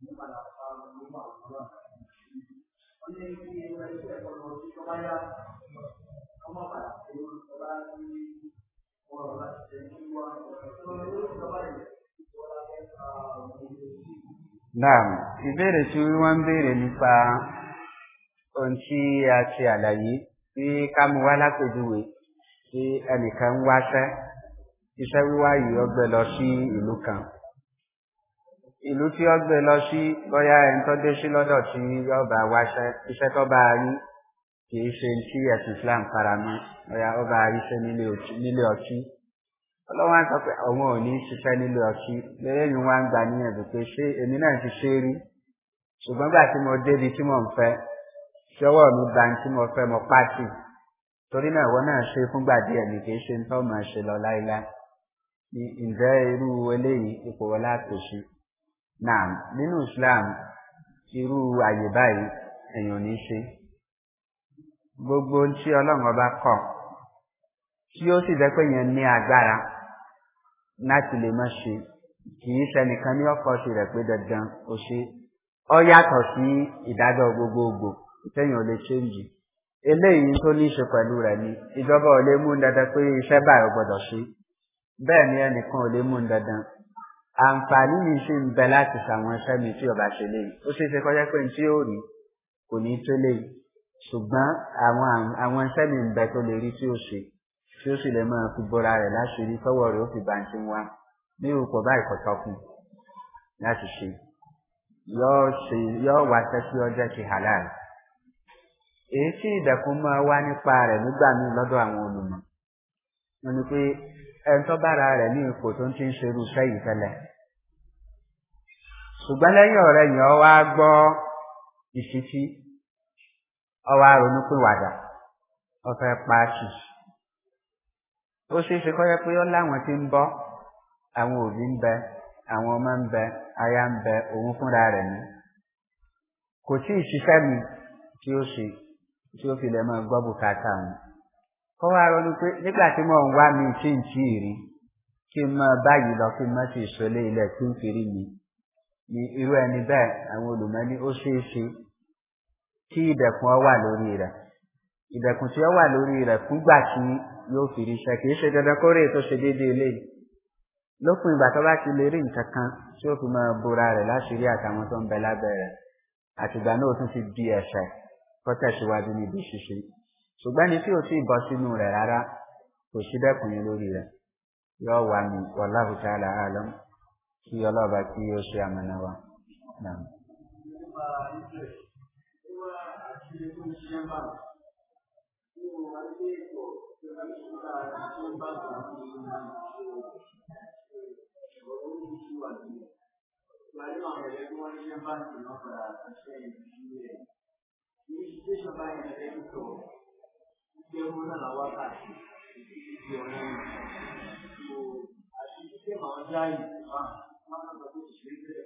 Naam, ìbéèrè tí wọ́n ń béèrè nípa ohun tí a ṣe àlàyé tí kámuwá lápèjúwe tí ẹnìkan ń wáṣẹ́, iṣẹ́ wíwá yìí ọgbẹ́ lọ sí ìlú kan ìlú tí ó gbé lọ sí bóyá ẹni tó dé sí lọ́dọ̀ tí yóò bá wá iṣẹ́ tó bá rí kì í ṣe tí ẹ̀sìn islam faramọ́ bóyá ó bá rí iṣẹ́ nílé ọtí ọlọ́wọ́ á sọ pé òun ò ní ṣiṣẹ́ nílé ọtí lẹ́yìn wá ń gbà níyànjú pé ṣé èmi náà ti ṣe rí ṣùgbọ́n gbà tí mo débi tí mò ń fẹ́ tí ọwọ́ mi ba tí mo fẹ́ mo pàṣẹ torí náà ìwọ náà ṣe fúngbà díẹ̀ ní kì ṣe ń tọ́ mọ̀ ṣe lọ láíláí ǹjẹ́ irú eléyìí ipò wọlé àtòṣe náà nínú islam irú àyè báyìí èèyàn ní ṣe gbogbo tí ọlọ́run ọba kọ̀ tí ó sì jẹ́ pé yẹn ní agbára láti lè má ṣe kì í ṣẹnìkan ní ọkọ̀ ṣe rẹ̀ pé dandan ó ṣe ọ yàtọ̀ sí ìdájọ́ gbogbogbò téèyàn lè ṣe ń eléyìí tó ní ṣe pẹ̀lú rẹ̀ ni ìjọba ò lè mú dandan pé iṣẹ́ báyìí ò gbọ́dọ̀ ṣe bẹ́ẹ̀ ni ẹnìkan ò lè mú dandan àǹfààní mi ṣe ń bẹ láti ṣàwọn iṣẹ́ mi tí ọba ṣe léyìí ó ṣeé ṣe kọjá pé tí ó rí kò ní tó léyìí ṣùgbọ́n àwọn àwọn iṣẹ́ mi ń bẹ tó lè rí tí ó ṣe tí ó sì lè máa fi bora rẹ̀ láṣìírí tọ́wọ́ rẹ̀ ó fi bá ń ti wá ní orúkọ báyìí kò tọ́ láti ṣe yóò wá sẹ́sí ọjọ́ ti halal èyí tí ìdẹ̀kùn máa wá nípa rẹ̀ nígbà míì lọ́dọ̀ àwọn olùmọ̀ wọn ni pé ẹni tó bára rẹ̀ ní ipò tó ń ti ń ṣerú iṣẹ́ tẹ́lẹ̀ ṣùgbọ́n lẹ́yìn ọ̀rẹ́ yẹn ọ wá gbọ́ ìṣítí ọ wá ronú pé wàdà ọ fẹ́ pa ṣìṣì ó ṣeéṣe kọ́ yẹ pé ó láwọn tí ń bọ́ àwọn òbí ń bẹ àwọn ọmọ ń bẹ aya ń bẹ òun fúnra rẹ̀ ni kò tí ì ṣiṣẹ́ mi tí ó ṣe tí ó fi lè máa gbọ́ bùkátà wọn kọ́ wá ronú pé nígbà tí mò ń wá mi tí ń tí ì rí kí n máa báyìí lọ kí n má sì ṣọlé ilẹ̀ tí ń fi rí mi ni irú ẹni bẹ́ẹ̀ àwọn olùmọ́ni ó ṣeé ṣe kí ìdẹ̀kùn ọ wà lórí rẹ̀ ìdẹ̀kùn tí ó wà lórí rẹ̀ fúngbà tí yóò fi ríṣẹ́ kì í ṣe dandan kó rèé tó ṣe déédéé lé lópin ìgbà tó bá ti lè rí nǹkan kan tí ó fi máa bora rẹ̀ láṣìírí àtàwọn tó ń bẹ lábẹ́ rẹ̀ àtìgbà náà tún ti di ẹ̀ṣẹ̀ kó tẹ̀síwájú níbi ṣíṣe ṣùgbọ́n ní tí ò tí bọ́ sínú rẹ̀ rárá kò sí dẹ́kùn yín lórí rẹ̀ yóò wà mí wàláhùtà àlàálọ́mù kí ọlọ́ọ̀bá kí ó ṣe àmàna wa. Thank you.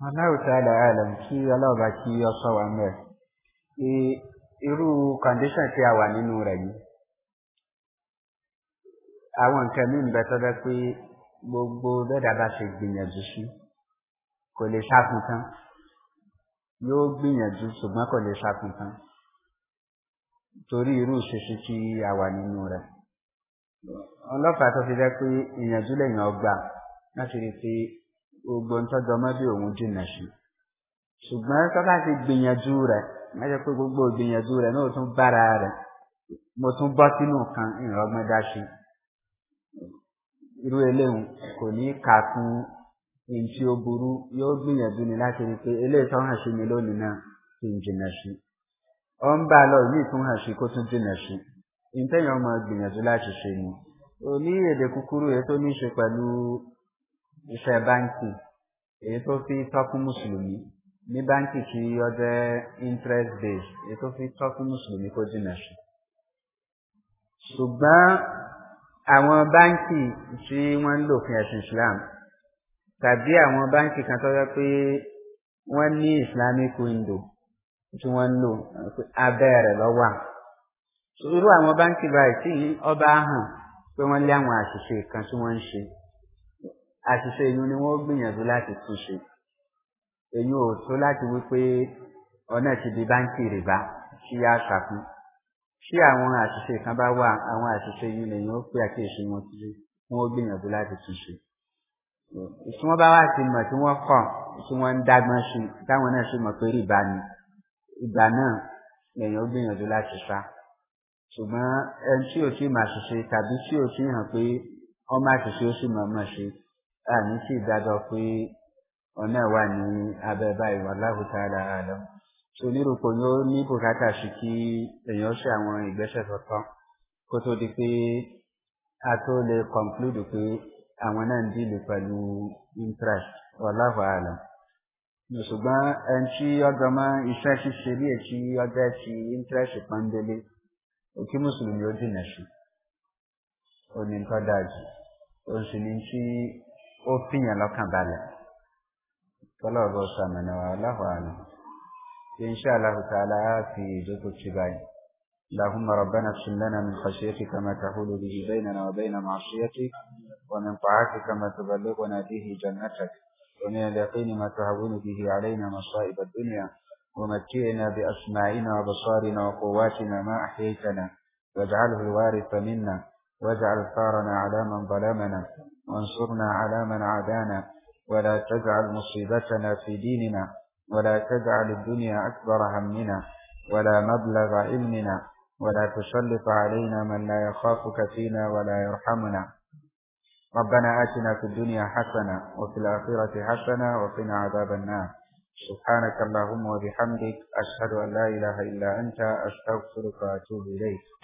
Allahu ta'ala alam kí ọlọ́ọ̀bá kí ọ sọ wa mẹ́ irú condition tí a wà nínú rẹ̀ yìí àwọn nǹkan mí ń bẹ tó bẹ́ pé gbogbo bẹ́ẹ̀dá bá ṣe gbìyànjú sí kò lè ṣàkùn tán yóò gbìyànjú ṣùgbọ́n kò lè ṣàkùn tán torí irú ìṣesí tí a wà nínú rẹ̀ ọlọ́pàá tó fi jẹ́ pé ìyànjú lèèyàn gbà láti rí i pé gbogbo ń tọ́jọ́ mọ́ bí òun dènà sí ṣùgbọ́n ti gbìyànjú rẹ̀ má pé gbogbo ìgbìyànjú rẹ̀ náà tún bára rẹ̀ mo tún bọ́ sínú kan ìrọ̀gbọ́n sí irú eléhùn kò ní kà fún o burú yóò gbìyànjú ni láti rí pé eléyìí tó hàn sí mi lónìí ọ ń bá a lọ tún hàn sí kó tún sí ọmọ gbìyànjú láti ṣe ni òní èdè kúkúrú yẹn tó ní í iṣẹ́ báńkì èyí tó fi tọ́kún mùsùlùmí ní báńkì kí ó jẹ́ interest based èyí tó fi tọ́kún mùsùlùmí kó jìnà sí. ṣùgbọ́n àwọn báńkì tí wọ́n ń lò fún ẹ̀sìn islam tàbí àwọn báńkì kan tó yẹ pé wọ́n ní islamic window tí wọ́n ń lò abẹ́ rẹ̀ lọ́wọ́ irú àwọn báńkì báyìí tí ọba hàn pé wọ́n lé àwọn àṣìṣe kan tí wọ́n ń ṣe àṣìṣe inú ni wọ́n gbìyànjú láti túnṣe èyí ò tó láti wípé ọ̀nà ti di báńkì rìbá kí á ṣàkún tí àwọn àṣìṣe kan bá wà àwọn àṣìṣe yìí lèyìn ó pé àkíyèsí wọn tí wọ́n gbìyànjú láti túnṣe tí wọ́n bá wá sí mọ̀ tí wọ́n kọ̀ tí wọ́n ń dágbọ́n sí táwọn náà sì mọ̀ pé rìbá ni ìgbà náà lèyìn ó gbìyànjú láti sá ṣùgbọ́n ẹni tí ò tí mà ṣiṣe tàbí tí ò tí hàn pé ọmọ àṣìṣe ó sì mọ̀ mọ̀ ṣe àní sì dájọ́ pé ọ̀nà wà ní abẹ́ báyìí wà láhùtà ara àlọ́ so ni ó ní bùkátà sí kí èèyàn ṣe àwọn ìgbésẹ̀ tọ̀tán kó tó di pé a tó lè conclude pé àwọn náà ń dìlù pẹ̀lú interest wà láhùtà àlọ́ ṣùgbọ́n ẹni tí ọjọ́ mọ́ iṣẹ́ ṣíṣe bí èyí ọjọ́ ti interest pọ́ńdélé òkè mùsùlùmí ó dìnà sí òní ń tọ́ dáa jù ó fìyàn lọ́kàn balẹ̀ tọ́lọ́bọ̀ sàmìnà aláhùwàánà tí ń ṣe aláhùta aláàfi ìjókòó ti اللهم ربنا اغفر لنا من خشيتك ما تحول به بيننا وبين معصيتك ومن طاعتك ما تبلغنا به جنتك ومن اليقين ما تهون به علينا مصائب الدنيا ومتعنا بأسماعنا وبصارنا وقواتنا ما أحييتنا واجعله الوارث منا واجعل ثارنا على من ظلمنا وانصرنا على من عادانا ولا تجعل مصيبتنا في ديننا ولا تجعل الدنيا أكبر همنا ولا مبلغ علمنا ولا تسلط علينا من لا يخافك فينا ولا يرحمنا ربنا آتنا في الدنيا حسنة وفي الآخرة حسنة وقنا عذاب النار سبحانك اللهم وبحمدك أشهد أن لا إله إلا أنت أستغفرك وأتوب إليك